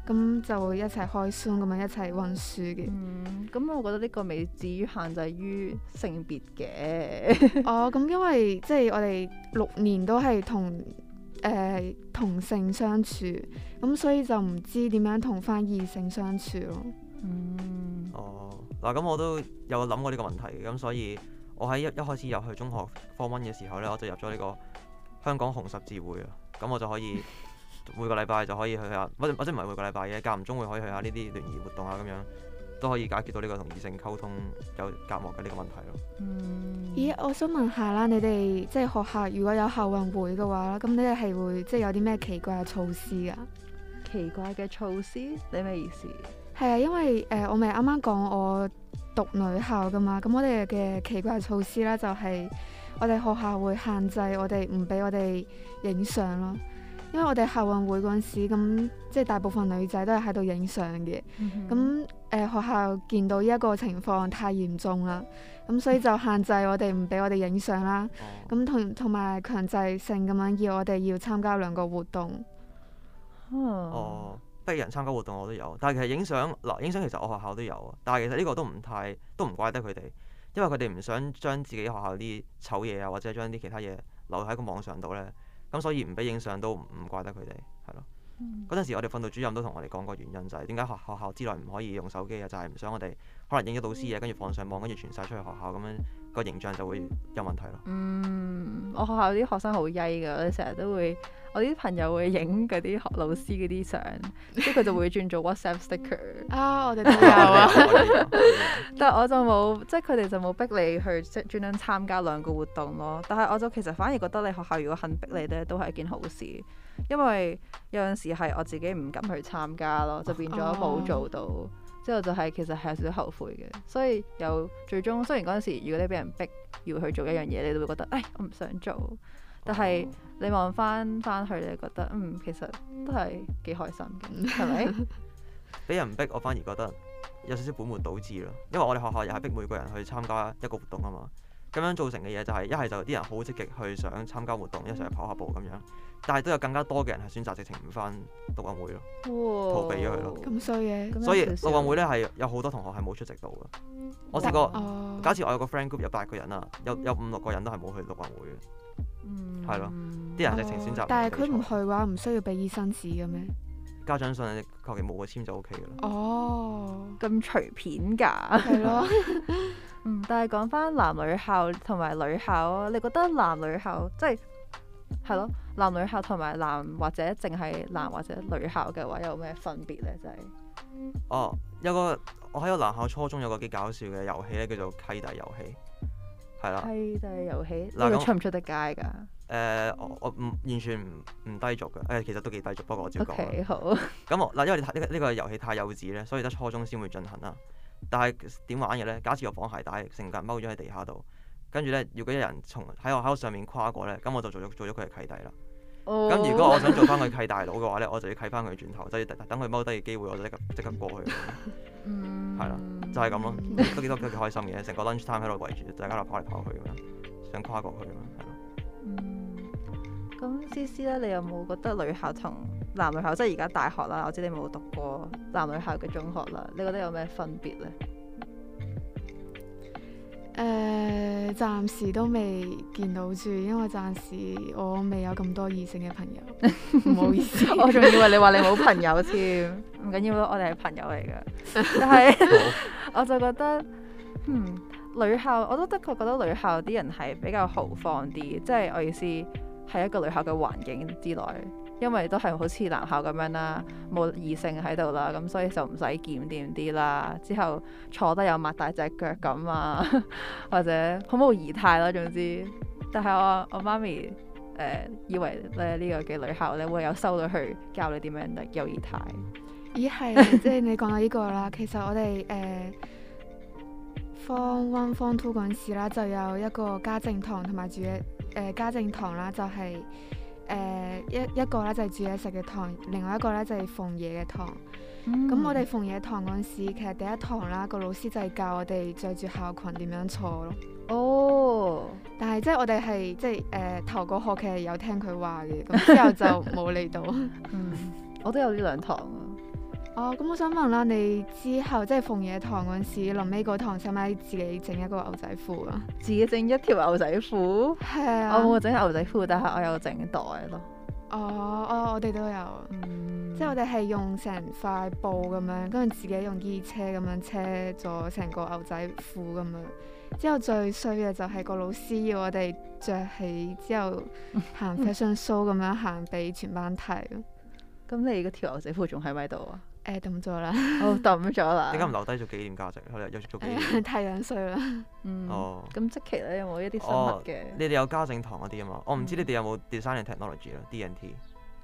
咁就會一齊開心咁樣一齊温書嘅。咁、嗯、我覺得呢個未至於限制於性別嘅。 哦，咁因為即係我哋六年都係同。誒、呃、同性相處，咁所以就唔知點樣同翻異性相處咯。哦，嗱，咁我都有諗過呢個問題嘅，咁所以我喺一一開始入去中學 form one 嘅時候呢，我就入咗呢個香港紅十字會啊，咁我就可以每個禮拜就可以去下，或者或者唔係每個禮拜嘅，間唔中會可以去下呢啲聯誼活動啊咁樣。都可以解決到呢個同異性溝通有隔膜嘅呢個問題咯。嗯，咦，我想問下啦，你哋即係學校如果有校運會嘅話啦，咁你哋係會即係有啲咩奇怪嘅措施噶？奇怪嘅措施？你咩意思？係啊，因為誒、呃、我咪啱啱講我讀女校噶嘛，咁我哋嘅奇怪嘅措施咧就係我哋學校會限制我哋唔俾我哋影相咯。因為我哋校運會嗰陣時，咁即係大部分女仔都係喺度影相嘅。咁誒、嗯哼呃，學校見到呢一個情況太嚴重啦，咁所以就限制我哋唔俾我哋影相啦。咁、哦、同同埋強制性咁樣要我哋要參加兩個活動。哦、嗯呃，逼人參加活動我都有，但係其實影相嗱，影、呃、相其實我學校都有，但係其實呢個都唔太都唔怪得佢哋，因為佢哋唔想將自己學校啲醜嘢啊，或者將啲其他嘢留喺個網上度咧。咁所以唔俾影相都唔怪得佢哋係咯。嗰陣、嗯、時我哋訓導主任都同我哋講過原因，就係點解學學校之內唔可以用手機嘅，就係、是、唔想我哋可能影咗老師嘢，跟住放上網，跟住傳晒出去學校，咁樣個形象就會有問題咯。嗯，我學校啲學生好曳噶，我哋成日都會。我啲朋友會影嗰啲學老師嗰啲相，即係佢就會轉做 WhatsApp sticker、oh。啊，我哋都有啊！但係我就冇，即係佢哋就冇、是、逼你去即係專登參加兩個活動咯。但係我就其實反而覺得你學校如果肯逼你咧，都係一件好事，因為有陣時係我自己唔敢去參加咯，就變咗冇做到，oh. 之後就係、是、其實係有少少後悔嘅。所以有最終雖然嗰陣時如果你俾人逼要去做一樣嘢，你都會覺得唉，我唔想做。但係你望翻翻去，你去覺得嗯，其實都係幾開心嘅，係咪？俾 人逼我反而覺得有少少本末倒置咯，因為我哋學校又係逼每個人去參加一個活動啊嘛。咁樣造成嘅嘢就係一係就啲人好積極去想參加活動，一齊去跑下步咁樣，但係都有更加多嘅人係選擇直情唔翻陸運會咯，哇逃避咗佢咯。咁衰嘅，所以陸運會咧係有好多同學係冇出席到嘅。我試過，哦、假設我有個 friend group 有八個人啦，有有五六個人都係冇去陸運會嘅。嗯，係咯，啲人直情選擇、哦。但係佢唔去嘅話，唔需要俾醫生紙嘅咩？家長信，求其冇個簽就 O K 嘅啦。哦，咁隨便噶？係咯了。嗯， 但係講翻男女校同埋女校啊，你覺得男女校即係係咯，男女校同埋男或者淨係男或者女校嘅話，有咩分別咧？就係、是、哦，有個我喺個男校初中有個幾搞笑嘅遊戲咧，叫做契弟遊戲。契弟遊戲佢出唔出得街㗎？誒、呃，我唔完全唔唔低俗嘅，誒、哎、其實都幾低俗，不過我照講。O、okay, K，好。咁我嗱，因為呢、這、呢、個呢個遊戲太幼稚咧，所以得初中先會進行啦。但係點玩嘢咧？假設我綁鞋帶，成個人踎咗喺地下度，跟住咧，如果有人從喺我上面跨過咧，咁我就做咗做咗佢嘅契弟啦。咁、oh. 如果我想做翻佢契大佬嘅話咧，我就要契翻佢轉頭，即、就、要、是、等佢踎低嘅機會，我就即刻即刻過去。嗯，係啦，就係咁咯。嗰幾多？都幾開心嘅，成個 lunch time 喺度圍住，大家又跑嚟跑去咁樣，想跨過去咁樣，係咯。嗯，咁思思咧，你有冇覺得女校同男女校即係而家大學啦？我知你冇讀過男女校嘅中學啦，你覺得有咩分別咧？誒，暫、uh, 時都未見到住，因為暫時我未有咁多異性嘅朋友，唔 好意思。我仲以為你話你冇朋友添，唔緊要咯，我哋係朋友嚟㗎，但係我就覺得，嗯，女校我都的確覺得女校啲人係比較豪放啲，即、就、係、是、我意思係一個女校嘅環境之內。因為都係好似男校咁樣啦，冇異性喺度啦，咁所以就唔使檢點啲啦。之後坐得有擘大隻腳咁啊，或者好冇儀態啦？總之，但係我我媽咪誒、呃、以為咧呢、呢個嘅女校咧會有收到去教你點樣得有儀態。咦係， 即係你講到呢個啦。其實我哋誒 Form 1 Form 2嗰陣時啦，就有一個家政堂同埋住嘅家政堂啦，就係、是。誒、呃，一一個咧就係煮嘢食嘅堂，另外一個咧就係縫嘢嘅堂。咁、嗯、我哋縫嘢堂嗰陣時，其實第一堂啦，個老師就係教我哋着住校裙點樣坐咯。哦，但係即係我哋係即係誒頭個學期係有聽佢話嘅，咁 之後就冇嚟到。 嗯， 我都有呢兩堂。哦，咁我想問啦，你之後即係鳳野堂嗰陣時，臨尾嗰堂使唔使自己整一個牛仔褲啊？自己整一條牛仔褲？係啊，oh, 我冇整牛仔褲，但係我有整袋咯。哦哦，我哋都有，嗯、即係我哋係用成塊布咁樣，跟住自己用衣車咁樣車咗成個牛仔褲咁樣。之後最衰嘅就係個老師要我哋着起之後行 fashion show 咁樣行俾全班睇。咁 你個條牛仔褲仲喺唔喺度啊？誒抌咗啦，我抌咗啦。點解唔留低做紀念價值？可能有做紀念。太樣衰啦！哦。咁即其咧有冇一啲手藝嘅？你哋有家政堂嗰啲啊嘛？我唔知你哋有冇 design and technology 啦，D N T。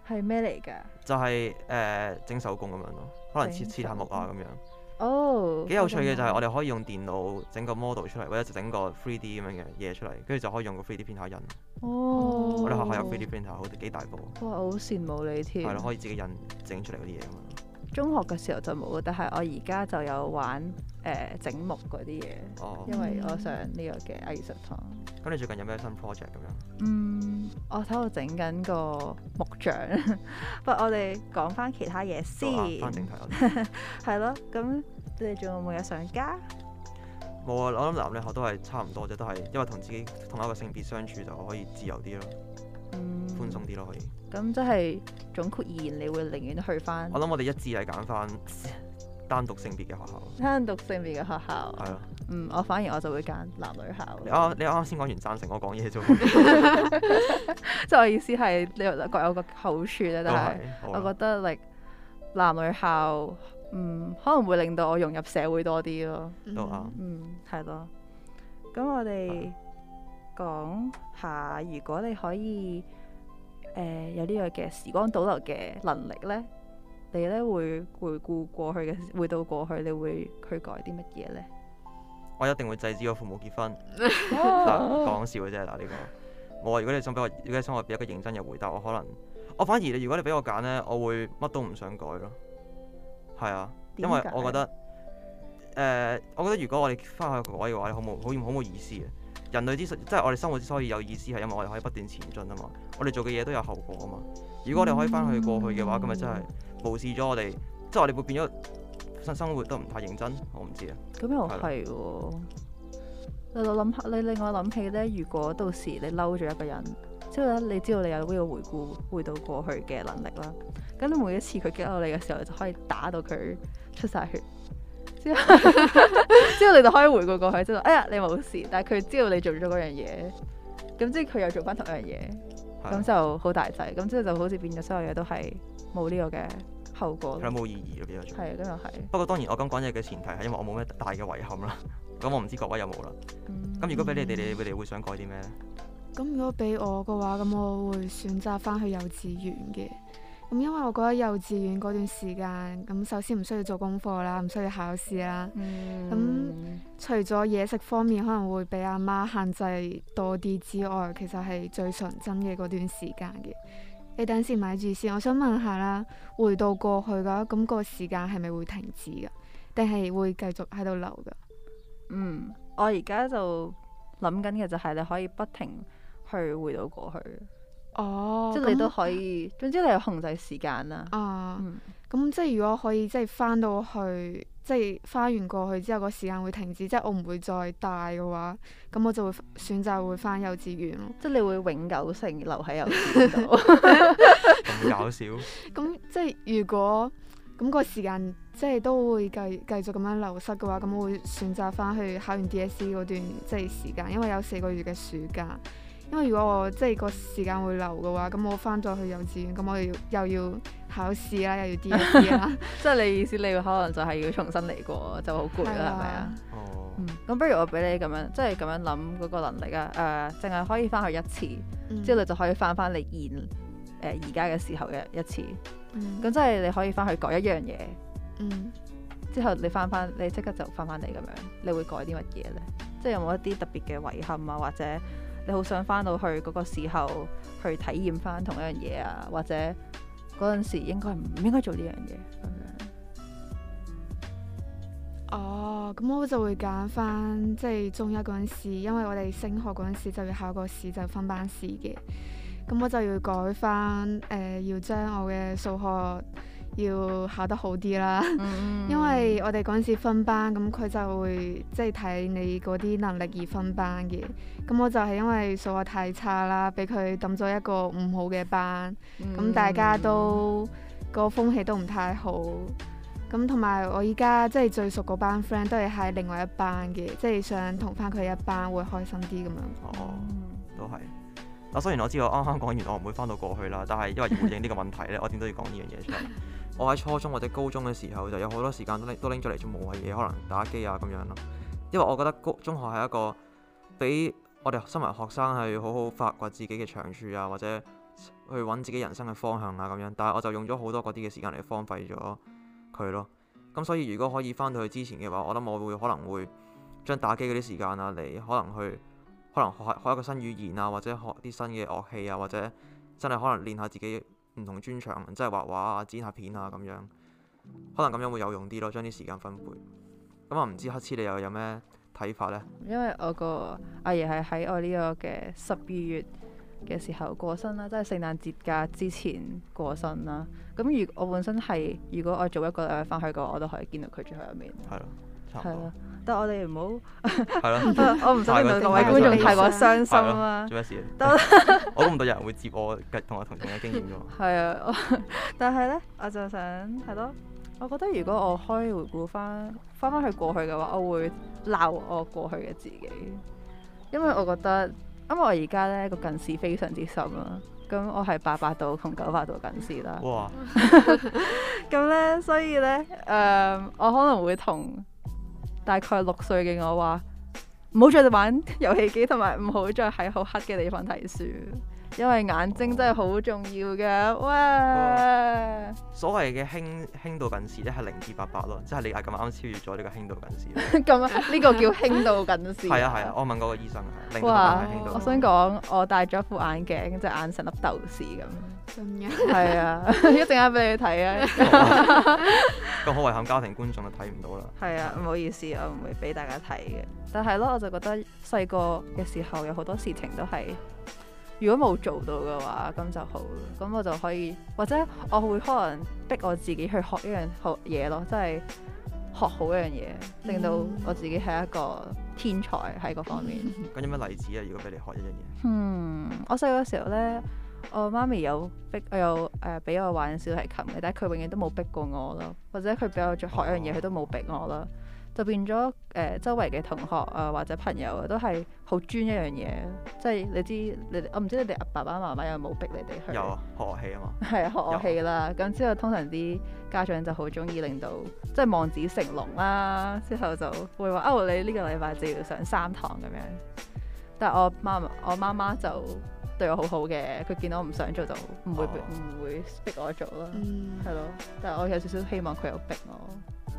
係咩嚟㗎？就係誒整手工咁樣咯，可能切切下木啊咁樣。哦。幾有趣嘅就係我哋可以用電腦整個 model 出嚟，或者整個 three D 咁樣嘅嘢出嚟，跟住就可以用個 three D printer 印。哦。我哋學校有 three D printer，好幾大部。哇！好羨慕你添。係咯，可以自己印整出嚟嗰啲嘢咁樣。中學嘅時候就冇，但係我而家就有玩誒、呃、整木嗰啲嘢，oh. 因為我上呢個嘅藝術堂。咁、嗯、你最近有冇新 project 咁樣？嗯，我喺度整緊個木匠，不過， 我哋講翻其他嘢先、oh, 啊。翻正題，係咯。咁 們 你仲有冇嘢想加？冇啊！我諗男女學都係差唔多啫，都係因為同自己同一個性別相處就可以自由啲咯。寬鬆啲咯，嗯、可以。咁即係總括而言，你會寧願去翻？我諗我哋一致係揀翻單獨性別嘅學校。單獨性別嘅學校係啊， 嗯，我反而我就會揀男、啊啊、男女校。你、嗯、啱，你啱啱先講完贊成我講嘢啫，即係我意思係你各有個好處咧，但係我覺得例如男女校嗯可能會令到我融入社會多啲咯、嗯。都啱。嗯，係咯、嗯。咁、嗯嗯、 我哋講。啊！如果你可以，誒、呃、有呢個嘅時光倒流嘅能力咧，你咧會回顧過去嘅，回到過去，你會去改啲乜嘢咧？我一定會制止我父母結婚。講笑嘅啫，嗱呢個。我如果你想俾我，如果想我俾一個認真嘅回答，我可能，我反而你如果你俾我揀咧，我會乜都唔想改咯。係啊，因為我覺得，誒、呃，我覺得如果我哋翻去改嘅話，好冇好好冇意思嘅。人類之所以即係我哋生活之所以有意思，係因為我哋可以不斷前進啊嘛，我哋做嘅嘢都有後果啊嘛。如果我哋可以翻去過去嘅話，咁咪真係無視咗我哋，即係我哋會變咗新生活都唔太認真，我唔知啊。咁又係、哦的，你你令我諗起咧，如果到時你嬲咗一個人，之後咧你知道你有呢個回顧回到過去嘅能力啦，咁你每一次佢激嬲你嘅時候，就可以打到佢出晒血。之後 之後你就可以回顧過去，之、就、後、是、哎呀，你冇事，但係佢知道你做咗嗰樣嘢，咁即係佢又做翻同樣嘢，咁的就，就好大劑，咁之後就好似變咗所有嘢都係冇呢個嘅後果，係冇意義呢個係啊，咁又係。就是，不過當然我咁講嘢嘅前提係因為我冇咩大嘅遺憾啦，咁我唔知各位有冇啦。咁、嗯、如果俾你哋，你哋會想改啲咩咧？咁、嗯、如果俾我嘅話，咁我會選擇翻去幼稚園嘅。咁因為我覺得幼稚園嗰段時間，咁首先唔需要做功課啦，唔需要考試啦。咁、嗯嗯、除咗嘢食方面可能會俾阿媽限制多啲之外，其實係最純真嘅嗰段時間嘅。你等陣先，咪住先。我想問下啦，回到過去噶，咁、個時間係咪會停止噶，定係會繼續喺度留噶？嗯，我而家就諗緊嘅就係你可以不停去回到過去。哦，即係你都可以，總之你係控制時間啦。啊，咁即係、啊嗯、如果可以，即係翻到去，即係翻完過去之後，個時間會停止，即係我唔會再大嘅話，咁我就會選擇會翻幼稚園咯。即係你會永久性留喺幼稚園度，咁搞笑。咁即係如果咁個時間，即係都會繼繼續咁樣流失嘅話，咁我會選擇翻去考完 DSE 嗰段即係時間，因為有四個月嘅暑假。因為如果我即係個時間會留嘅話，咁我翻咗去幼稚園，咁我要又要考試啦，又要 D A 啦。 即係你意思，你要可能就係要重新嚟過，就好攰啦，係咪啊？吧哦。咁不、嗯、如我俾你咁樣，即係咁樣諗嗰個能力啊。誒、呃，淨係可以翻去一次，嗯、之後你就可以翻翻你現誒而家嘅時候嘅一次。嗯。咁即係你可以翻去改一樣嘢。嗯。之後你翻翻你即刻就翻翻嚟咁樣，你會改啲乜嘢咧？即、就、係、是、有冇一啲特別嘅遺憾啊？或者？你好想翻到去嗰個時候去體驗翻同一樣嘢啊，或者嗰陣時應該唔應該做呢樣嘢咁樣？Okay? 哦，咁我就會揀翻即係中一嗰陣時，因為我哋升學嗰陣時就要考個試就分班試嘅，咁我就要改翻誒、呃，要將我嘅數學。要考得好啲啦，嗯、因為我哋嗰陣時分班，咁佢就會即係睇你嗰啲能力而分班嘅。咁我就係因為數學太差啦，俾佢抌咗一個唔好嘅班。咁、嗯、大家都、個風氣都唔太好。咁同埋我依家即係最熟嗰班 friend 都係喺另外一班嘅，即、就、係、是、想同翻佢一班會開心啲咁樣。哦，嗯、都係。啊，雖然我知道啱啱講完，我唔會翻到過去啦，但係因為回應呢個問題咧， 我點都要講呢樣嘢出嚟。 我喺初中或者高中嘅時候，就有好多時間都拎都拎咗嚟做無謂嘢，可能打機啊咁樣咯。因為我覺得高中學係一個俾我哋身為學生去好好發掘自己嘅長處啊，或者去揾自己人生嘅方向啊咁樣。但係我就用咗好多嗰啲嘅時間嚟荒廢咗佢咯。咁所以如果可以翻到去之前嘅話，我諗我會可能會將打機嗰啲時間啊，嚟可能去可能學學一個新語言啊，或者學啲新嘅樂器啊，或者真係可能練下自己。唔同專長，即係畫畫啊、剪下片啊咁樣，可能咁樣會有用啲咯，將啲時間分配。咁啊，唔知乞嗤你又有咩睇法呢？因為我，我個阿爺係喺我呢個嘅十二月嘅時候過身啦，即係聖誕節假之前過身啦。咁如我本身係如果我做一個禮拜翻去嘅我都可以見到佢最後一面。係咯。係啊，但係我哋唔好，係咯，我唔想令到各位觀眾太過傷心啊嘛。做咩事？ 我估唔到有人會接我同我同樣嘅經驗噶喎。係啊， 但係咧，我就想係咯，我覺得如果我可以回顧翻翻翻去過去嘅話，我會鬧我過去嘅自己，因為我覺得，因為我而家咧個近視非常之深啊。咁我係八百度同九百度近視啦。哇！咁咧， 所以咧，誒、呃，我可能會同。大概六歲嘅我話，唔好再玩遊戲機，同埋唔好再喺好黑嘅地方睇書，因為眼睛真係好重要嘅。哇、哦！喂所謂嘅輕輕度近視咧係零至八百咯，即係你啊咁啱超越咗呢個輕度近視。咁呢、 這個叫輕度近視。係 啊係啊，我問嗰個醫生啊。哇！我想講，我戴咗副眼鏡，即係眼神粒豆豉咁。真嘅係啊， 一陣間俾你睇啊！咁好遺憾，家庭觀眾都睇唔到啦。係 啊，唔好意思，我唔會俾大家睇嘅。但係咯，我就覺得細個嘅時候有好多事情都係，如果冇做到嘅話，咁就好。咁我就可以或者我會可能逼我自己去學一樣學嘢咯，即係學好一樣嘢，令到我自己係一個天才喺嗰方面。咁有咩例子啊？ 嗯、 如果俾你學一樣嘢？嗯 我細個嘅時候咧。我媽咪有逼我，有誒俾、呃、我玩小提琴嘅，但係佢永遠都冇逼過我咯。或者佢俾我學一樣嘢，佢、哦、都冇逼我咯。就變咗誒、呃、周圍嘅同學啊，或者朋友都係好專一樣嘢。即、就、係、是、你知你，我唔知你哋爸爸媽媽有冇逼你哋去，有學樂器啊嘛。係學樂器啦。咁之有後通常啲家長就好中意令到，即、就、係、是、望子成龍啦。之後就會話，哦、oh，你呢個禮拜就要上三堂咁樣。但係我媽我媽媽就，對我好好嘅，佢見到我唔想做就唔會唔、哦、會逼我做啦，係咯、嗯。但係我有少少希望佢有逼我。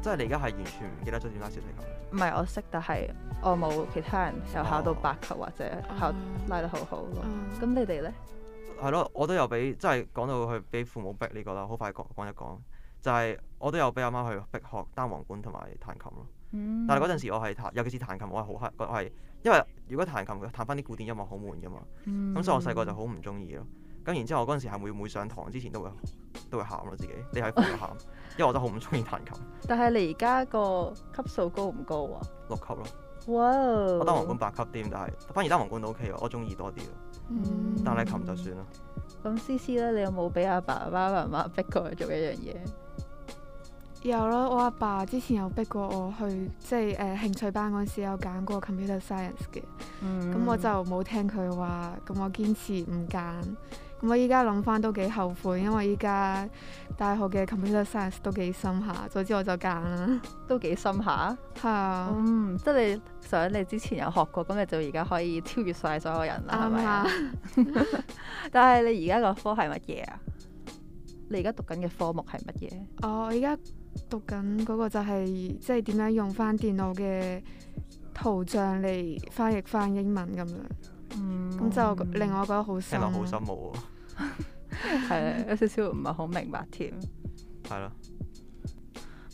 即係你而家係完全唔記得咗點拉小提琴？唔係我識，但係我冇其他人有考到八級或者考、哦嗯、考拉得好好咯。咁、嗯、你哋咧係咯，我都有俾即係講到去俾父母逼呢、這個啦。好快講講一講，就係、是、我都有俾阿媽去逼學單簧管同埋彈琴咯。嗯、但係嗰陣時我係彈，尤其是彈琴我係好黑，我係因為如果彈琴嘅彈翻啲古典音樂好悶噶嘛，咁、嗯嗯、所以我細個就好唔中意咯。咁然之後我嗰陣時係每每上堂之前都會都會喊咯自己，你喺房度喊， 因為我都好唔中意彈琴。但係你而家個級數高唔高啊？六級咯。哇 Wow,！我單簧管八級添，嗯、但係反而單簧管都 OK 喎，我中意多啲咯。但係琴就算啦。咁 C C 咧，你有冇俾阿爸阿媽爸爸媽，媽，媽逼過去做一樣嘢？有囉，我阿爸之前有逼過我去。即係誒興趣班嗰陣時有揀過 computer science 嘅，咁我就冇聽佢話，咁我堅持唔揀，咁我依家諗翻都幾後悔，因為依家大學嘅 computer science 都幾深下，早知我就揀啦，都幾深下。係啊，即係你想你之前有學過，咁你就而家可以超越晒所有人啦，係咪？但係你而家個科係乜嘢啊？你而家讀緊嘅科目係乜嘢？哦，我而家。讀緊嗰個就係即係點樣用翻電腦嘅圖像嚟翻譯翻英文咁樣，咁、嗯嗯、就令我覺得好聽落好心毛啊 有少少唔係好明白添。係咯，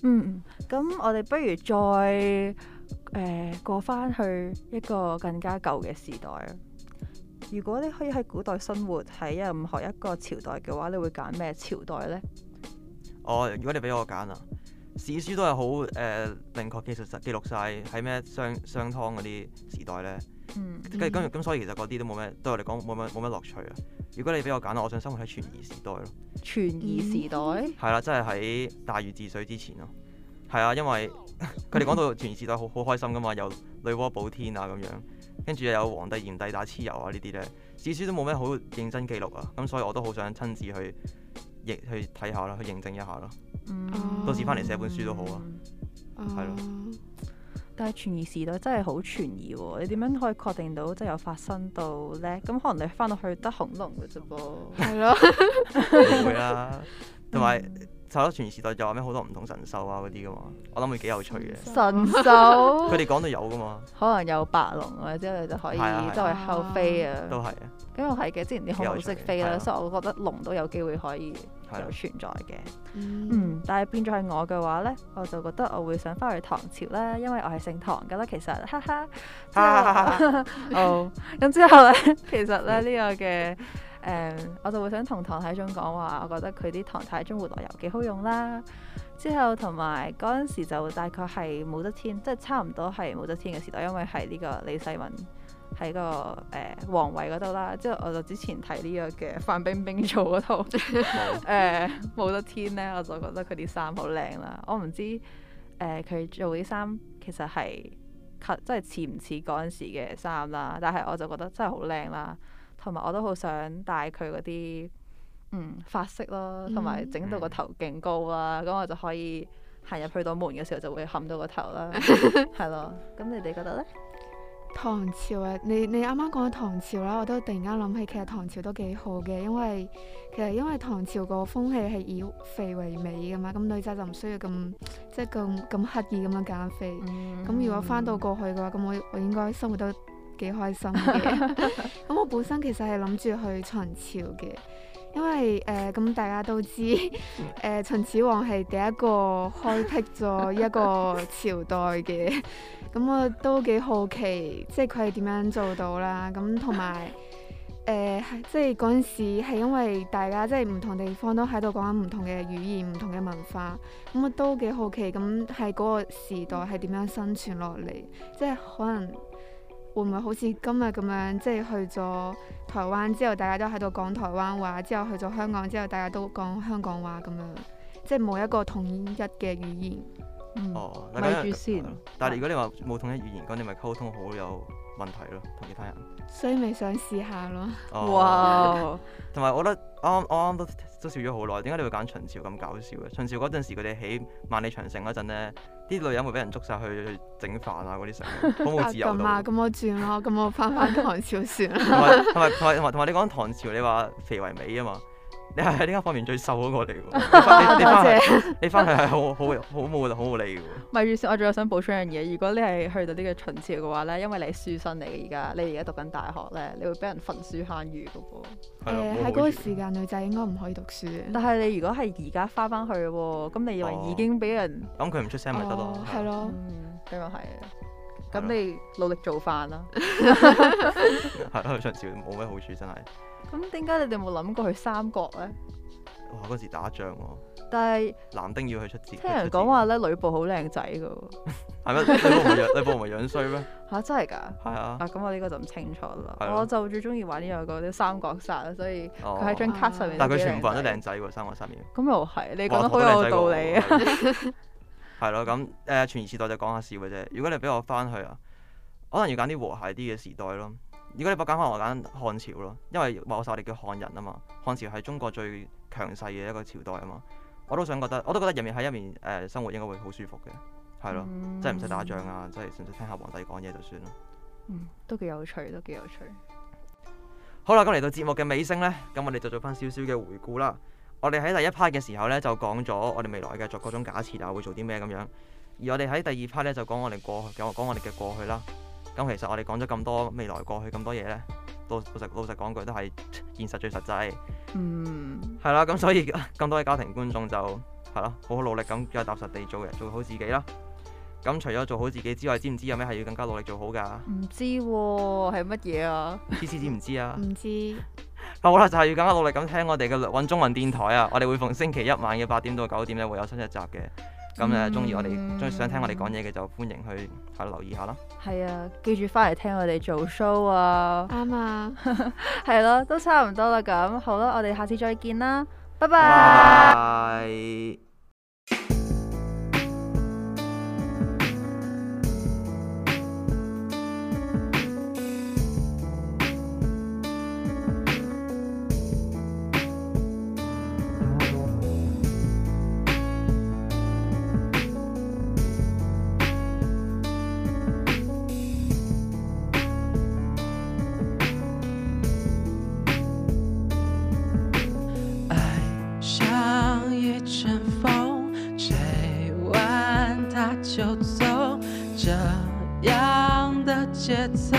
嗯，咁我哋不如再誒、呃、過翻去一個更加舊嘅時代啊！如果你可以喺古代生活喺任何一個朝代嘅話，你會揀咩朝代呢？哦，如果你俾我揀啊，史書都係好誒明確記述、實記錄晒，喺咩商商湯嗰啲時代咧。嗯。咁咁咁，所以其實嗰啲都冇咩對我嚟講冇乜冇乜樂趣啊。如果你俾我揀啊，我想生活喺傳疑時代咯。傳疑時代。係啦，即係喺大禹治水之前咯。係啊，因為佢哋講到傳疑時代好好開心噶嘛，有女媧補天啊咁樣，跟住又有黃帝炎帝打蚩尤啊呢啲咧，史書都冇咩好認真記錄啊。咁所以我都好想親自去。去睇下啦，去認證一下咯。嗯、到時翻嚟寫本書都好啊。係咯、嗯，的但係傳奇時代真係好傳奇喎、哦！你點樣可以確定到真、係、有發生到咧？咁可能你翻到去得恐龍嘅啫噃。係咯，會啦。同埋睇咗傳奇時代，就話咩好多唔同神獸啊嗰啲噶嘛，我諗係幾有趣嘅神獸秀。佢哋講到有噶嘛？可能有白龍啊，者係真可以真係周圍飛啊。都係的啊。咁又係嘅。之前啲恐龍識飛啦、啊，所以我覺得龍都有機會可以。有存在嘅，嗯，但係變咗係我嘅話呢，我就覺得我會想翻去唐朝啦，因為我係姓唐噶啦，其實，哈哈，哦，咁之後呢，其實咧呢、這個嘅，誒、嗯，我就會想同唐太宗講話，我覺得佢啲唐太宗活絡油幾好用啦。之後同埋嗰陣時就大概係武則天，即係差唔多係武則天嘅時代，因為係呢個李世民。喺個誒皇、呃、位嗰度啦，之後我就之前睇呢個嘅范冰冰做嗰套誒《武則、 呃、天》咧，我就覺得佢啲衫好靚啦。我唔知誒佢、呃、做啲衫其實係真係似唔似嗰陣時嘅衫啦，但係我就覺得真係好靚啦。同埋我都好想戴佢嗰啲嗯髮飾咯，同埋整到個頭勁高啦，咁、嗯、我就可以行入去到門嘅時候就會冚到個頭啦，係 咯。咁你哋覺得咧？唐朝啊，你你啱啱講到唐朝啦，我都突然間諗起，其實唐朝都幾好嘅，因為其實因為唐朝個風氣係以肥為美㗎嘛，咁女仔就唔需要咁即係咁咁刻意咁樣減肥，咁、嗯、如果翻到過去嘅話，咁、嗯、我我應該生活都幾開心嘅，咁 我本身其實係諗住去秦朝嘅。因為誒咁、呃嗯、大家都知誒、呃、秦始皇係第一個開闢咗一個朝代嘅，咁 我都幾好奇，即係佢係點樣做到啦？咁同埋誒即係嗰陣時係因為大家即係唔同地方都喺度講緊唔同嘅語言、唔同嘅文化，咁、嗯嗯、我都幾好奇，咁喺嗰個時代係點樣生存落嚟？即係可能。會唔會好似今日咁樣，即係去咗台灣之後，大家都喺度講台灣話；之後去咗香港之後，大家都講香港話咁樣，即係冇一個統一嘅語言。嗯、哦，住先。但係如果你話冇統一語言，噉你咪溝通好有問題咯，同其他人。所以咪想試下咯。哇！同埋 我覺得啱啱、啊、都笑咗好耐。點解你會揀秦朝咁搞笑嘅？秦朝嗰陣時,時，佢哋起萬里長城嗰陣呢。啲女人會俾人捉曬去去整飯啊！嗰啲成，好冇自由度。咁啊，咁我轉咯，咁我翻翻唐朝算啦。同埋同埋同埋同埋，你講唐朝，你話肥為美啊嘛。你係喺呢間方面最瘦嗰個嚟喎， 你翻，你翻去係好好好冇嘅，好冇理嘅喎。咪住先，我仲有想補充一樣嘢，如果你係去到呢個秦朝嘅話咧，因為你係書生嚟嘅，而家你而家讀緊大學咧，你會俾人焚書坑儒嘅噃。誒、欸，喺嗰個時間，女仔應該唔可以讀書。但係你如果係而家翻翻去喎，咁你以為已經俾人咁佢唔出聲咪得咯？係咯、哦，咁又係。咁、嗯、你努力做飯啦。係去秦朝冇咩好處，真係。咁點解你哋冇諗過去三國咧？哇！嗰時打仗喎。但係，男丁要去出戰。聽人講話咧，呂布好靚仔㗎喎。係咩？呂布唔係樣衰咩？嚇！真係㗎。係啊。啊咁，我呢個就唔清楚啦。係啊。我就最中意玩呢兩個啲三國殺啦，所以佢喺張卡上面。但係佢全部人都靚仔喎，三國殺面。咁又係，你講得好有道理啊。係咯，咁誒，全時代就講下笑嘅啫。如果你俾我翻去啊，可能要揀啲和諧啲嘅時代咯。如果你搏揀翻，我揀漢朝咯，因為話曬我哋叫漢人啊嘛，漢朝係中國最強勢嘅一個朝代啊嘛，我都想覺得，我都覺得人民喺入面誒、呃、生活應該會好舒服嘅，係咯，嗯、即係唔使打仗啊，嗯、即係純粹聽下皇帝講嘢就算啦、嗯。都幾有趣，都幾有趣。好啦，咁嚟到節目嘅尾聲呢，咁我哋就做翻少少嘅回顧啦。我哋喺第一 part 嘅時候呢，就講咗我哋未來嘅作各種假設啊，會做啲咩咁樣，而我哋喺第二 part 咧就講我哋過去，講我哋嘅過去啦。咁其實我哋講咗咁多未來過去咁多嘢呢，老老實老實講句都係現實最實際。嗯，係啦，咁所以咁多位家庭觀眾就係咯，好好努力咁腳踏實地做人，做好自己啦。咁除咗做好自己之外，知唔知有咩係要更加努力做好㗎？唔知喎，係乜嘢啊？CC 知唔知啊？唔、啊、知，知，知。 知道 好啦，就係、是、要更加努力咁聽我哋嘅揾中文電台啊！ 我哋會逢星期一晚嘅八點到九點呢，會有新一集嘅。咁誒，中意、嗯、我哋，中意想聽我哋講嘢嘅就歡迎去，嗯、去去留意下啦。係啊，記住翻嚟聽我哋做 show 啊，啱啊，係咯、 啊，都差唔多啦。咁好啦、啊，我哋下次再見啦，拜拜。就走這樣的節奏。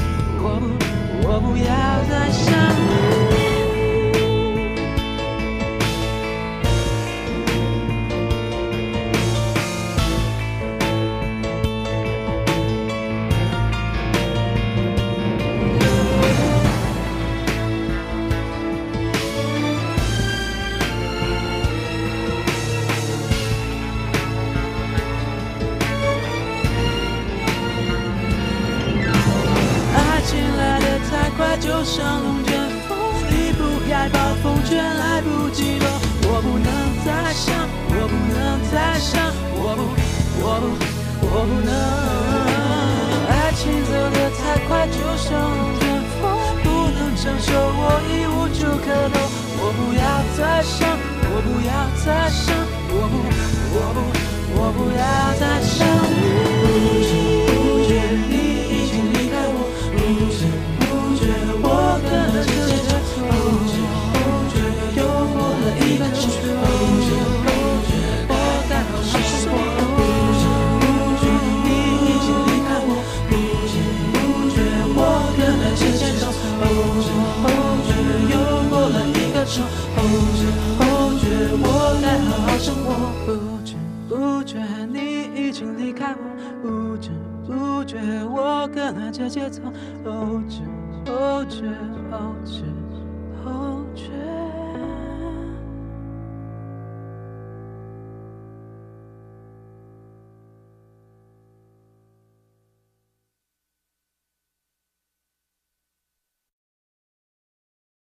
不要再想。